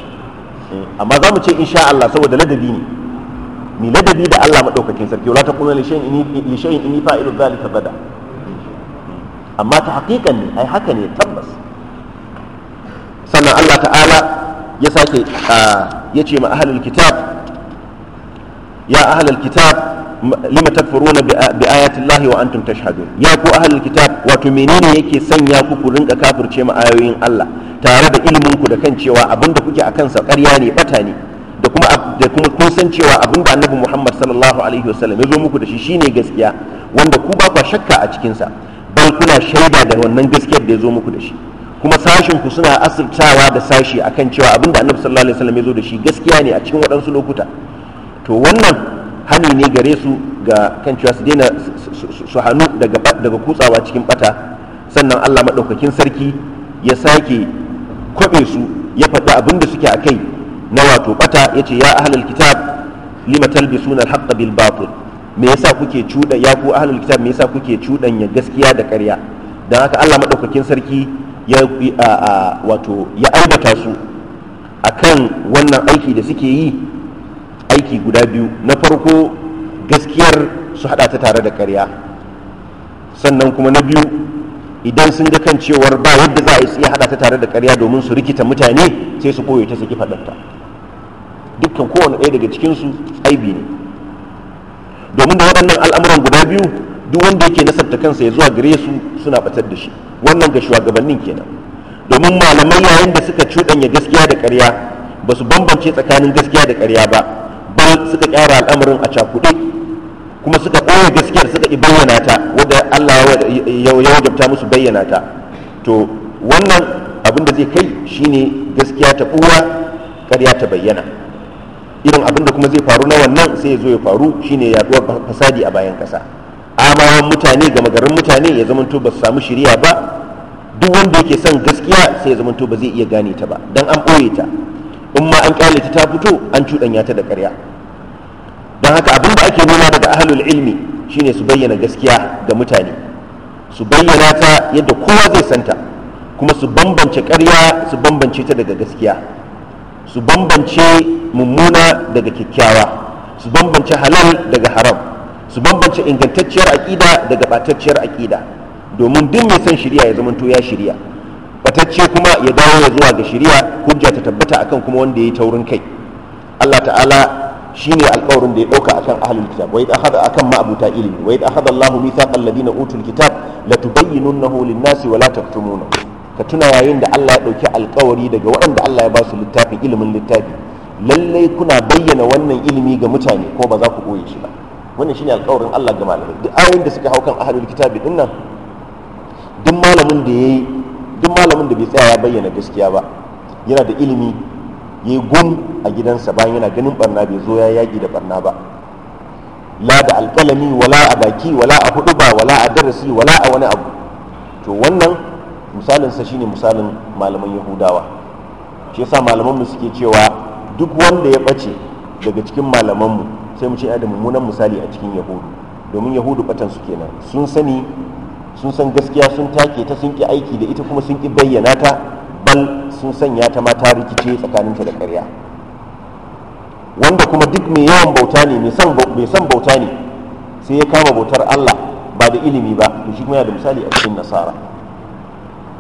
Speaker 1: eh, amma za mu ce insha Allah saboda ladabi ne mi ladabi da Allah madaukakin sarki wala taqulu li shay'in inni li shay'in inni fa'ilu dhalika bada amma ta haƙiƙan ne ai haka ne tabbas sannan Allah ta'ala ya sake ya ce ma ahlul kitab ya ahlul kitab lima takfuruna bi ayati Allah wa antum tashhadun ya ku ahlul kitab wato menene yake sanya ku ku rinka kafirce ma ayoyin Allah tare da ilmin ku da kan cewa abinda kuke akan sa ƙarya ne bata ne da kuma da kuma kun san cewa abin da annabi Muhammad sallallahu alaihi wasallam ya zo muku da shi shine gaskiya wanda ku ba kwa shakka a cikinsa sa bal kuna shaida da wannan gaskiyar da ya zo muku da shi kuma sashin ku suna asirtawa da sashi akan cewa abin da annabi sallallahu alaihi wasallam ya zo da shi gaskiya ne a cikin waɗansu lokuta to wannan hani ne gare su ga kan cewa su daina su hannu daga daga kutsawa cikin bata sannan Allah maɗaukakin sarki ya sake kwabe su ya faɗi abin da suke a kai na wato bata ya ce ya ahalar kitab lima talbisuna sunan haqqa bil batil me yasa kuke cuda ya ku kitab me yasa kuke cudanya gaskiya da ƙarya dan haka Allah madaukakin sarki ya wato ya aibata su akan wannan aiki da suke yi aiki guda biyu na farko gaskiyar su hada ta tare da ƙarya sannan kuma na biyu idan sun ga kan cewar ba yadda za a iya hada ta tare da ƙarya domin su rikita mutane sai su koyo ta su faɗanta dukkan kowane ɗaya daga cikinsu aibi ne domin da waɗannan al'amuran guda biyu duk wanda yake nasarta kansa ya zuwa gare su suna batar da shi wannan ga shugabannin kenan domin malamai yayin da suka cuɗanya gaskiya da ƙarya ba su bambance tsakanin gaskiya da ƙarya ba bal suka ƙyara al'amarin a cakuɗe kuma suka ɓoye gaskiyar suka ƙi bayyana ta wadda allah ya wajabta musu bayyana ta to wannan abin da zai kai shine gaskiya ta ɓuwa ƙarya ta bayyana irin abin da kuma zai faru na wannan sai ya zo ya faru shine yaduwar fasadi a bayan kasa amawan mutane gama garin mutane ya zamanto ba su samu shirya ba duk wanda yake son gaskiya sai ya zamanto ba zai iya gane ta ba dan an ɓoye ta in ma an kyale ta ta fito an cuɗanya ta da ƙarya don haka abin da ake nuna daga ahlul ilmi shine su bayyana gaskiya ga mutane su bayyana ta yadda kowa zai santa kuma su bambance ƙarya su bambance ta daga gaskiya su bambance mummuna daga kyakkyawa su bambance halal daga haram su bambance ingantacciyar aƙida daga ɓatacciyar aƙida domin duk mai son shirya ya zamanto ya shirya fatacce kuma ya dawo ya zuwa ga shirya hujja ta tabbata akan kuma wanda ya yi taurin kai Allah ta'ala shi ne alƙawarin da ya ɗauka akan ahlul kitab da? idha akhadha akan ma'abuta ilimi wai idha akhadha Allahu mithaqal ladina utul kitab latubayyinunnahu lin-nasi wa la taktumuna ka tuna yayin da Allah ya ɗauki alkawari daga waɗanda Allah ya ba su littafi ilimin littafi lallai kuna bayyana wannan ilimi ga mutane ko ba za ku koyi shi ba wannan shine alkawarin Allah ga malamai duk ayoyin da suka hau kan ahlul kitabi din nan duk malamin da yayi duk malamin da bai tsaya ya bayyana gaskiya ba yana da ilimi yayi gum a gidansa bayan yana ganin barna bai zo ya yaki da barna ba la da alkalami wala a baki wala a hudu ba wala a darasi wala a wani abu to wannan misalinsa shine misalin malaman yahudawa shi yasa malamanmu suke cewa duk wanda ya ɓace daga cikin malamanmu sai mu ce da mummunan misali a cikin yahudu domin yahudu batan su kenan sun sani sun san gaskiya sun take ta sun ki aiki da ita kuma sun ki bayyana ta bal sun sanya ta ma ta rikice tsakaninta da ƙarya wanda kuma duk mai yawan bauta ne mai san bauta ne sai ya kama bautar allah ba da ilimi ba to shi kuma yana da misali a cikin nasara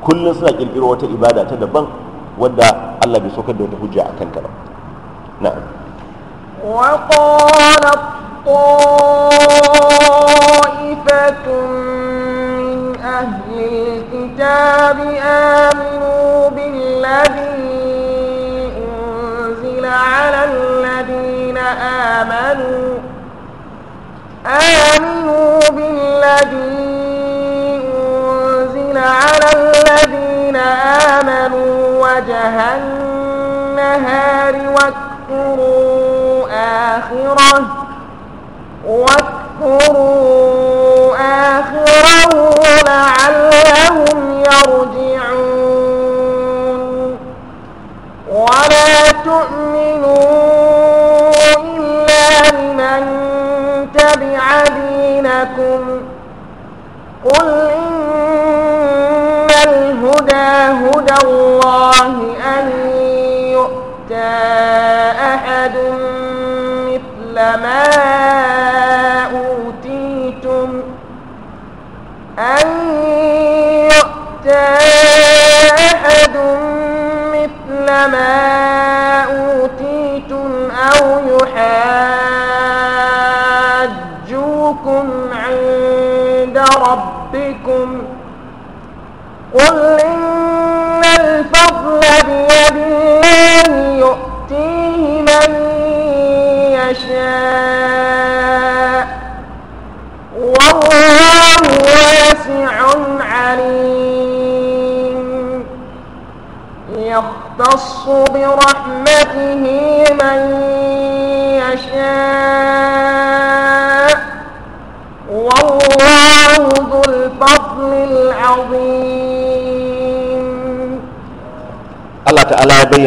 Speaker 1: kullum suna kirkiro wata ibada ta daban wanda Allah bai sokar da wata hujja a kanta ba na'am
Speaker 2: wa qala ta'ifatun min ahli alkitabi aminu billadhi unzila 'ala alladhina amanu aminu billadhi unzila 'ala آمنوا وجه النهار واكفروا آخره واكفروا آخره لعلهم يرجعون ولا تؤمنوا إلا لمن تبع دينكم قل هدى هدى الله أن يؤتى أحد مثل ما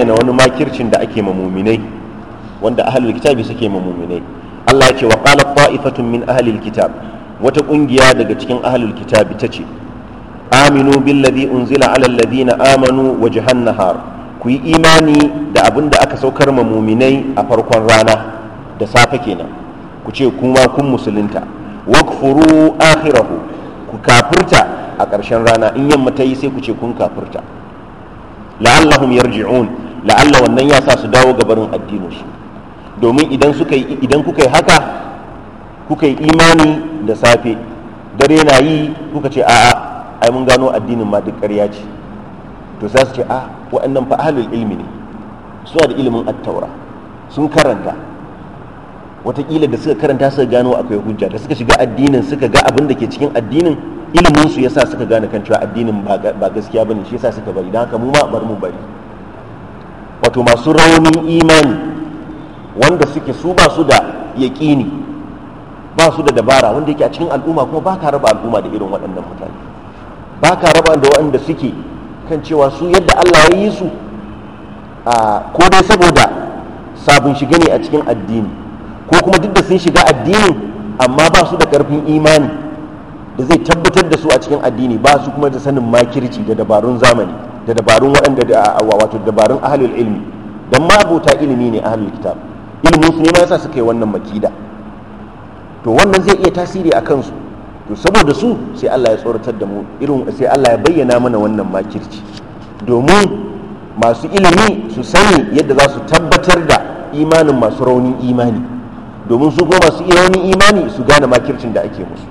Speaker 1: bayyana wani makircin da ake mamuminai wanda ahlul kitabi suke mamuminai Allah ya ce wa qala ta'ifatun min ahlil kitab wata kungiya daga cikin ahlul kitabi tace aminu billazi unzila ala alladhina amanu wajhan nahar ku yi imani da abin da aka saukar mamuminai a farkon rana da safe kenan ku ce kuma kun musulunta wakfuru akhirahu ku kafirta a ƙarshen rana in yamma ta yi sai ku ce kun kafirta la'allahum yarji'un la'alla wannan ya sa su dawo gabarin addininsu domin idan suka idan kuka yi haka kuka yi imani da safe dare na yi kuka ce a'a ai mun gano addinin ma duk ƙarya ce to za su ce a ah, waɗannan fa ahlul ilmi ne suna da ilimin attaura sun karanta watakila da suka karanta suka gano akwai hujja da suka shiga addinin suka ga abin da ke cikin addinin ilimin su yasa suka gane kan cewa addinin ba gaskiya bane shi yasa suka bari don haka mu ma bar mu bari wato masu raunin imani wanda suke su ba su da yaƙini ba su da dabara wanda yake a cikin al'umma kuma ba ka raba al'umma da irin waɗannan mutane ba ka raba da waɗanda suke kan cewa su yadda Allah ya yi su ko dai saboda sabon shiga ne a cikin addini ko kuma duk da sun shiga addinin amma ba su da ƙarfin imani da zai tabbatar da su a cikin addini ba su kuma da sanin makirci da dabarun zamani da dabarun waɗanda da wato dabarun ahlul ilmi don ma abota ilimi ne ahlul kitab ilimin su ne ma yasa suka yi wannan makida to wannan zai iya tasiri a kansu to saboda su sai Allah ya tsoratar da mu irin sai Allah ya bayyana mana wannan makirci domin masu ilimi su sani yadda za su tabbatar da imanin masu raunin imani domin su kuma masu raunin imani su gane makircin da ake musu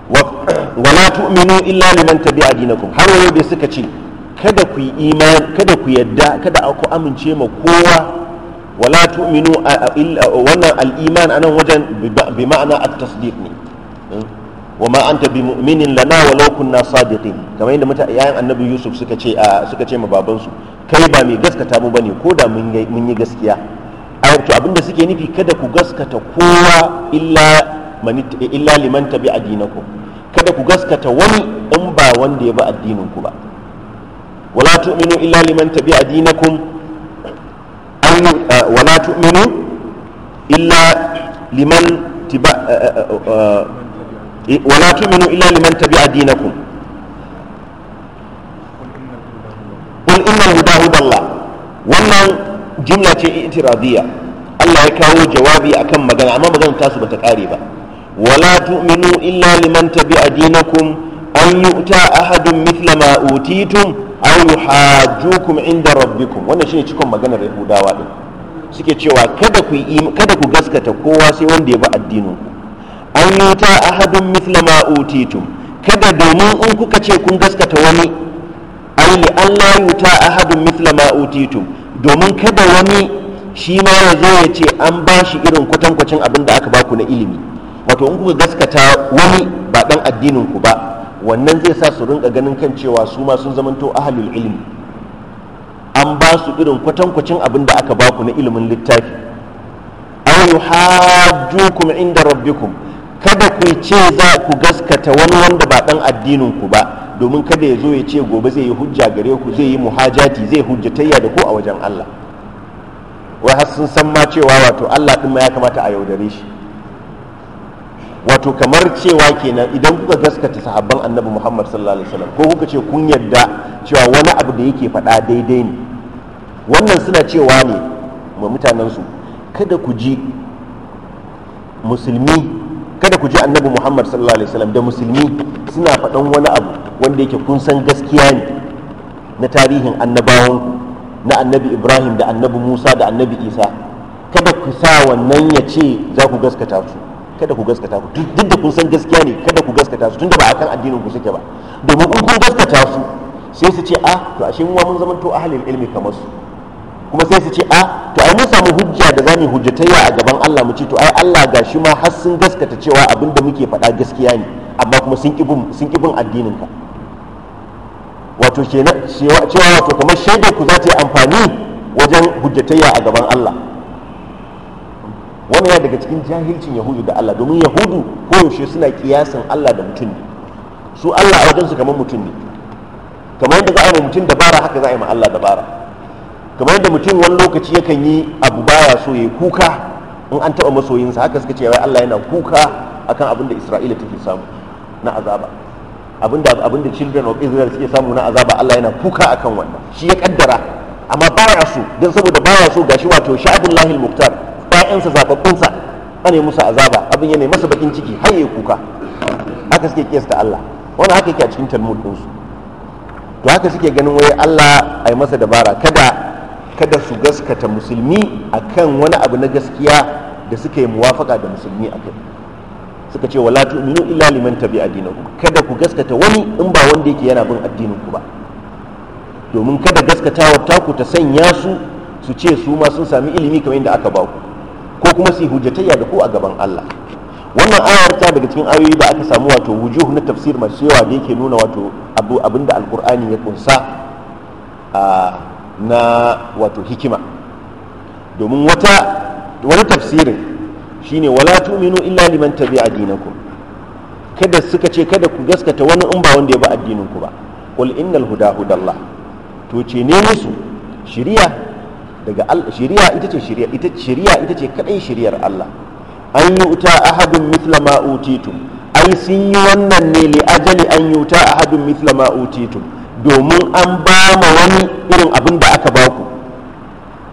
Speaker 1: hmm. wala tu'minu illa liman tabi'a dinakum har wayo dai suka ce kada ku yi iman kada ku yadda kada ku amince ma kowa wala tu'minu wannan al-iman anan wajen bi ma'ana at-tasdiq ne hmm? wa ma anta bi mu'minin lana wa law kunna sadiqin kamar yadda mutane yayin annabi yusuf suka ce suka ce ma babansu kai ba mai gaskata mu bane ko da mun yi gaskiya to abinda suke nufi kada ku gaskata kowa illa liman tabi'a dinakum kada ku gaskata wani in ba wanda ya ba addinin ku ba wala tu'minu illa liman tabi'a dinakum an eh, wala tu'minu illa liman tiba eh, eh, oh, wala tu'minu illa liman tabi'a dinakum qul inna huda hudallah wannan jumla ce itiradiyya Allah ya kawo jawabi akan magana amma magana tasu bata kare ba ولا تؤمنوا إلا لمن تبع دينكم أن يؤتى أحد مثل ما أوتيتم أو يحاجوكم عند ربكم وانا شيء تكون maganar Yahudawa din سيكي تشوى kada ku kada ku gaskata kowa sai wanda ya bi addinin ku an kada domin in kuka ce kun gaskata wani ai li Allah ta ahadun mithla ma utitum domin kada wani shi ma ya zo ya ce an ba shi irin kwatankwacin abin da aka baku na ilimi wato in kuka gaskata wani ba dan addinin ku ba wannan zai sa su rinka ganin kan cewa su ma sun zamanto ahlul ilmi an ba su irin kwatankwacin abin da aka ba ku na ilimin littafi aw yuhajjukum inda rabbikum kada ku ce za ku gaskata wani wanda ba dan addinin ku ba domin kada ya zo ya ce gobe zai yi hujja gare ku zai yi muhajati zai hujjatayya da ku a wajen Allah wai har sun san ma cewa wato Allah din ma ya kamata a yaudare shi wato kamar cewa kenan idan kuka gaskata sahabban annabi muhammad sallallahu alaihi wasallam ko kuka ce kun yarda cewa wani abu da yake faɗa daidai ne wannan suna cewa ne ma mutanensu kada ku ji musulmi kada ku ji annabi muhammad sallallahu alaihi wasallam da musulmi suna faɗan wani abu wanda yake kun san gaskiya ne na tarihin annabawanku na annabi ibrahim da annabi musa da annabi isa kada ku sa wannan ya ce za ku gaskata su kada ku gaskata ku duk da kun san gaskiya ne kada ku gaskata su tunda ba akan addinin ku suke ba domin in kun gaskata su sai su ce a to a shin mun zama to ahalin ilmi kamar su kuma sai su ce a to ai mun samu hujja da zamu hujjatayya a gaban Allah mu ce to ai Allah gashi ma har sun gaskata cewa abin da muke faɗa gaskiya ne amma kuma sun kibin sun kibin addinin ka wato kenan cewa wato kamar shaidar ku za ta yi amfani wajen hujjatayya a gaban Allah wannan yana daga cikin jahilcin yahudu da Allah domin yahudu koyaushe suna kiyasan Allah da mutum ne su Allah a wajensu kamar mutum ne kamar yadda za a yi mutum dabara haka za a yi ma Allah dabara kamar yadda mutum wani lokaci yakan yi abu baya so ya kuka in an taɓa masoyinsa haka suka ce wai Allah yana kuka akan abin da Isra'ila take samu na azaba abin da abin da children of Israel suke samu na azaba Allah yana kuka akan wannan shi ya kaddara amma baya so don saboda baya so gashi wato sha'adullahi al muqtar ƴaƴansa zababbinsa ana musu azaba abin yana masa bakin ciki har yi kuka haka suke kiyasta Allah wani haka yake a cikin Talmud ɗinsu to haka suke ganin wai Allah ai masa dabara kada kada su gaskata musulmi a kan wani abu na gaskiya da suka yi muwafaka da musulmi a kai suka ce wala tu'minu illa liman tabi dinakum kada ku gaskata wani in ba wanda yake yana bin addinin ku ba domin kada gaskatawa taku ta sanya su su ce su ma sun sami ilimi kamar inda aka ba ku ko kuma su yi hujjatayya da ku a gaban Allah wannan ayar ta daga cikin ayoyi da aka samu wato wujuh na tafsir masu yawa da yake nuna wato abin da alkur'ani ya kunsa na wato hikima domin wata wani tafsirin shine wala tu'minu illa liman tabi'a dinakum kada suka ce kada ku gaskata wani in ba wanda ya ba addinin ku ba qul innal huda hudallah to ce ne musu shiriya daga shari'a ita ce shari'a ita shari'a ita ce kadai shari'ar Allah an yuta ahadun mithla ma utitum ai sun yi wannan ne li ajali an yuta ahadun mithla ma utitum domin an ba ma wani irin abin da aka ba ku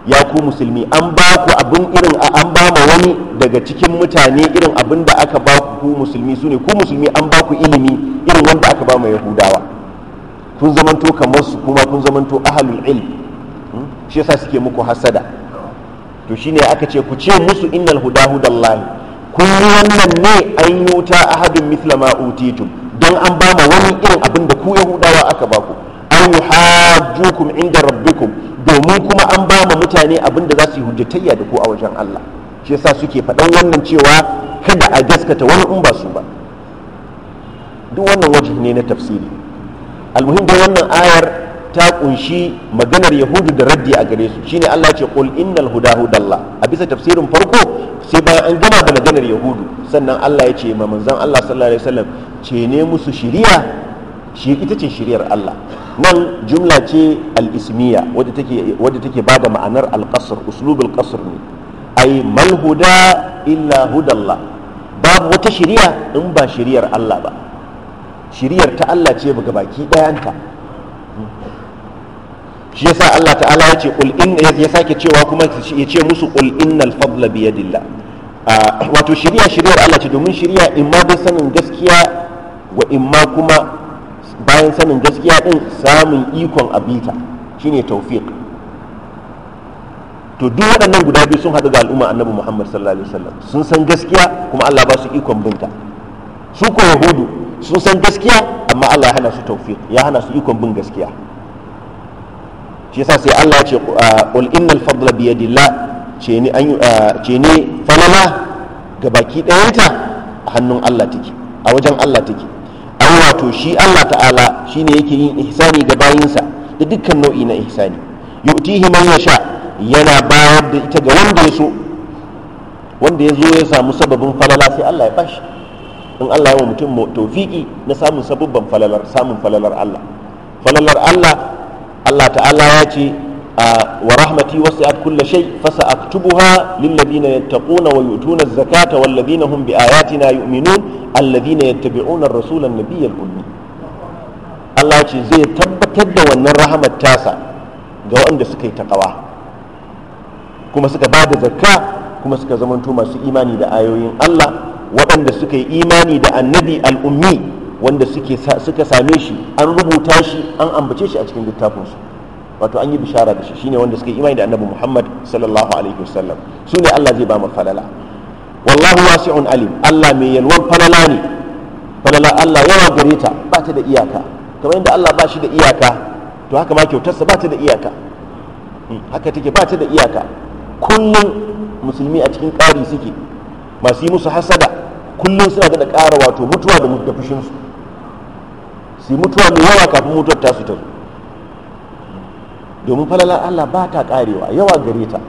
Speaker 1: ya ku musulmi an ba ku abin irin an ba ma wani daga cikin mutane irin abin da aka ba ku ku musulmi su ne ku musulmi an ba ku ilimi irin wanda aka ba ma yahudawa kun zamanto kamar su kuma kun zamanto ahalul ilm shi yasa suke muku hasada to shine aka ce ku ce musu innal huda hudallahi kun wannan ne an yi wuta ahadin mithla ma utitum don an ba ma wani irin abin da ku yahudawa aka ba ku an yuhajjukum inda rabbikum domin kuma an ba ma mutane abin da za su yi hujjatayya da ku a wajen Allah shi yasa suke faɗan wannan cewa kada a gaskata wani in ba su ba duk wannan wajen ne na tafsiri almuhim da wannan ayar ta kunshi maganar yahudu da raddi a gare su shine Allah ce qul innal huda hudallah a bisa tafsirin farko sai bayan an gama da maganar yahudu sannan Allah ya ce ma manzon Allah sallallahu alaihi wasallam ce ne musu shiriya shi ita ce shiriyar Allah nan jumla ce al-ismiya wadda take wadda take bada ma'anar al-qasr uslubul qasr ne ai mal huda illa hudallah babu wata shiriya in ba shiriyar Allah ba shiriyar ta Allah ce ga baki dayanta shi yasa Allah ta'ala ya ce kul in ya sake cewa kuma ya ce musu kul innal fadla bi yadillah wato shiriya shiriyar Allah ce domin shiriya imma da sanin gaskiya wa imma kuma bayan sanin gaskiya din samun ikon abita shine tawfiq to duk waɗannan guda biyu sun haɗu ga al'umma annabi Muhammad sallallahu alaihi wasallam sun san gaskiya kuma Allah ba su ikon binta su ko yahudu sun san gaskiya amma Allah ya hana su tawfiq ya hana su ikon bin gaskiya shi yasa sai Allah ya ce ah, qul innal fadla bi yadillah ce ni an ah, ce ni falala ga baki dayanta a hannun Allah take a wajen Allah take an wato shi Allah ta'ala shine yake yin ihsani ga bayinsa da dukkan nau'i na ihsani yu'tihi man yasha yana bayar da ita ga wanda ya so wanda ya zo ya samu sababin falala sai Allah ya bashi in Allah ya wa mutum tofiki na samun sababban falalar samun falalar Allah falalar Allah Allah ta'ala ya ce wa rahmati a a tubu ha fasa'aktubuha na yadda yattaquna wa yu'tuna az-zakata wallabi na hun bi umminu, allabi na yadda bi unar an na biyar ummi Allah ce zai tabbatar da wannan rahamar tasa ga waɗanda suka yi ƙawa, kuma suka ba da zakka kuma suka zamanto masu imani da ayoyin Allah waɗanda suka yi imani da annabi al'ummi. wanda suka same shi an rubuta shi an ambace shi a cikin littafinsu wato an yi bishara da shi shine wanda suka yi imani da annabi Muhammad sallallahu alaihi wasallam su ne Allah zai ba mu falala wallahu wasi'un alim Allah mai yalwar falala ne falala Allah yawa gare ta ba ta da iyaka kamar yadda Allah ba shi da iyaka to haka ma kyautarsa ba ta da iyaka hmm, haka take ba ta da iyaka kullum musulmi a cikin ƙari suke masu yi musu hasada kullum suna da ƙara wato mutuwa da fushinsu su yi mutuwa mai yawa kafin mutuwar ta zo domin falalar Allah ba ta karewa yawa gare ta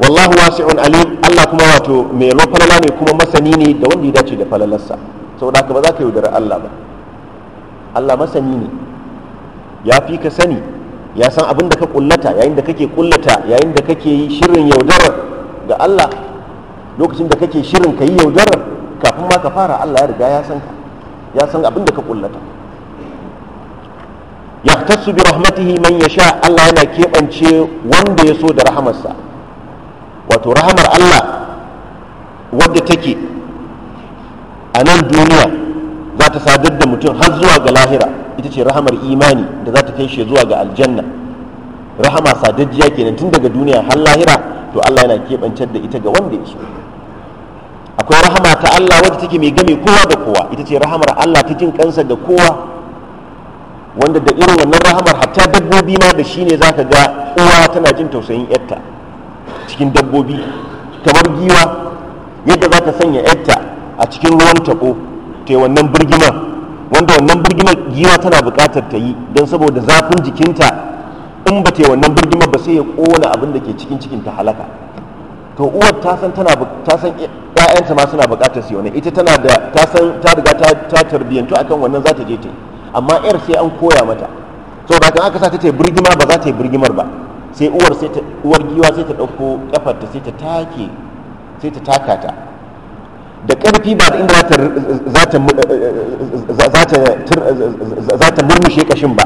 Speaker 1: wallahu wasi'un alim Allah kuma wato mai ruwan falala ne kuma masani ne da wanda ya dace da falalarsa saboda haka ba za ka yaudara Allah ba Allah masani ne ya fi ka sani ya san abin da ka kullata yayin da kake kullata yayin da kake yi shirin yaudarar ga Allah lokacin da kake shirin ka yi yaudarar kafin ma ka fara Allah ya riga ya san ka ya san abin da ka kullata tasu bi rahmatihi man yasha Allah yana kebance wanda ya so da rahamarsa wato rahamar Allah wadda take a nan duniya za ta sadar da mutum har zuwa ga lahira ita ce rahamar imani da za ta kai shi zuwa ga aljanna rahama sadajjiya kenan tun daga duniya har lahira to Allah yana kebancar da ita ga wanda ya so akwai rahama ta Allah wadda take mai gami kowa da kowa ita ce rahamar Allah ta jin kansa da kowa wanda da irin wannan rahamar hatta dabbobi ma da shine zaka ga uwa tana jin tausayin yarta cikin dabbobi kamar giwa yadda za ta sanya yarta a cikin ruwan tabo ta yi wannan birgimar wanda wannan birgimar giwa tana buƙatar ta yi don saboda zafin jikinta in ba ta yi wannan birgimar ba sai ya ƙona abin da ke cikin cikin ta halaka to uwar ta san tana ta san ƴaƴanta ma suna buƙatar su ne ita tana da ta san ta riga ta ta tarbiyantu akan wannan za ta je ta amma yar sai an koya mata saboda kan aka sa ta ce birgima ba za ta yi birgimar ba sai uwar sai ta uwar giwa sai ta ɗauko ta sai ta take sai ta taka ta da ƙarfi ba da inda za ta murmushe kashin ba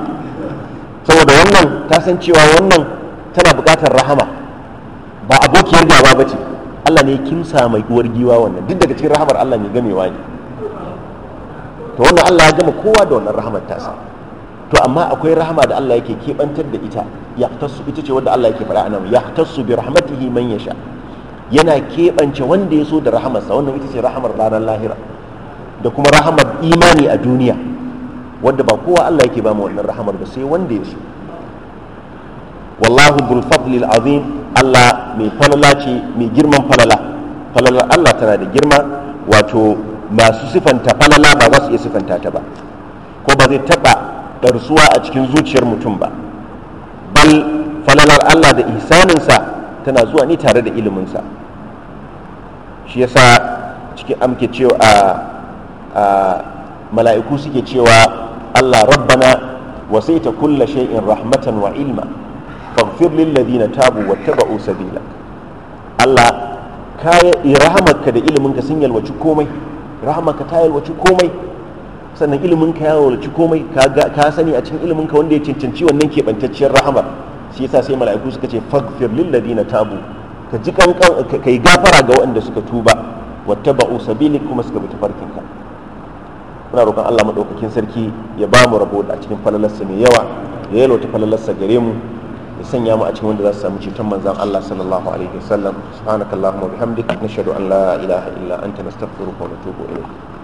Speaker 1: saboda wannan ta san cewa wannan tana buƙatar rahama ba abokiyar gaba ba ce Allah ne kimsa mai uwar giwa wannan duk daga cikin rahamar Allah ne gamewa ne to wannan Allah ya gama kowa da wannan rahamar tasa to amma akwai rahama da Allah yake kebantar da ita tasu ita ce wanda Allah yake fara anan tasu bi rahmatihi man yasha yana keɓance wanda ya so da rahamarsa wannan ita ce rahamar ranar lahira da kuma rahamar imani a duniya wadda ba kowa Allah yake ba mu wannan rahamar ba sai wanda ya so wallahu dhul fadli al azim Allah mai falala ce mai girman falala falalar Allah tana da girma wato masu sifanta falala ba za su iya sifanta ta ba ko ba zai taɓa ɗarsuwa a cikin zuciyar mutum ba bal falalar Allah da ihsaninsa tana zuwa ni tare da iliminsa shi yasa cikin amke cewa a mala'iku suke cewa Allah rabbana wasaita kulla shay'in rahmatan wa ilma faghfir lil ladina tabu wattaba'u sabila Allah ya rahamaka da ka sun yalwaci komai rahamaka ta yalwaci komai sannan ka ya yalwaci komai ka sani a cikin ka wanda ya cancanci wannan keɓantacciyar rahama shi yasa sai mala'iku suka ce faghfir lil ladina tabu ka ji kankan kai gafara ga waɗanda suka tuba wattaba'u sabili kuma suka bi tafarkinka muna roƙon Allah madaukakin sarki ya ba mu rabo a cikin falalarsa mai yawa ya yalwata falalarsa gare mu ya sanya mu a cikin wanda za su samu ceton manzan Allah sallallahu alaihi wasallam subhanakallahumma bihamdika nashhadu an la ilaha illa anta nastaghfiruka wa natubu ilayk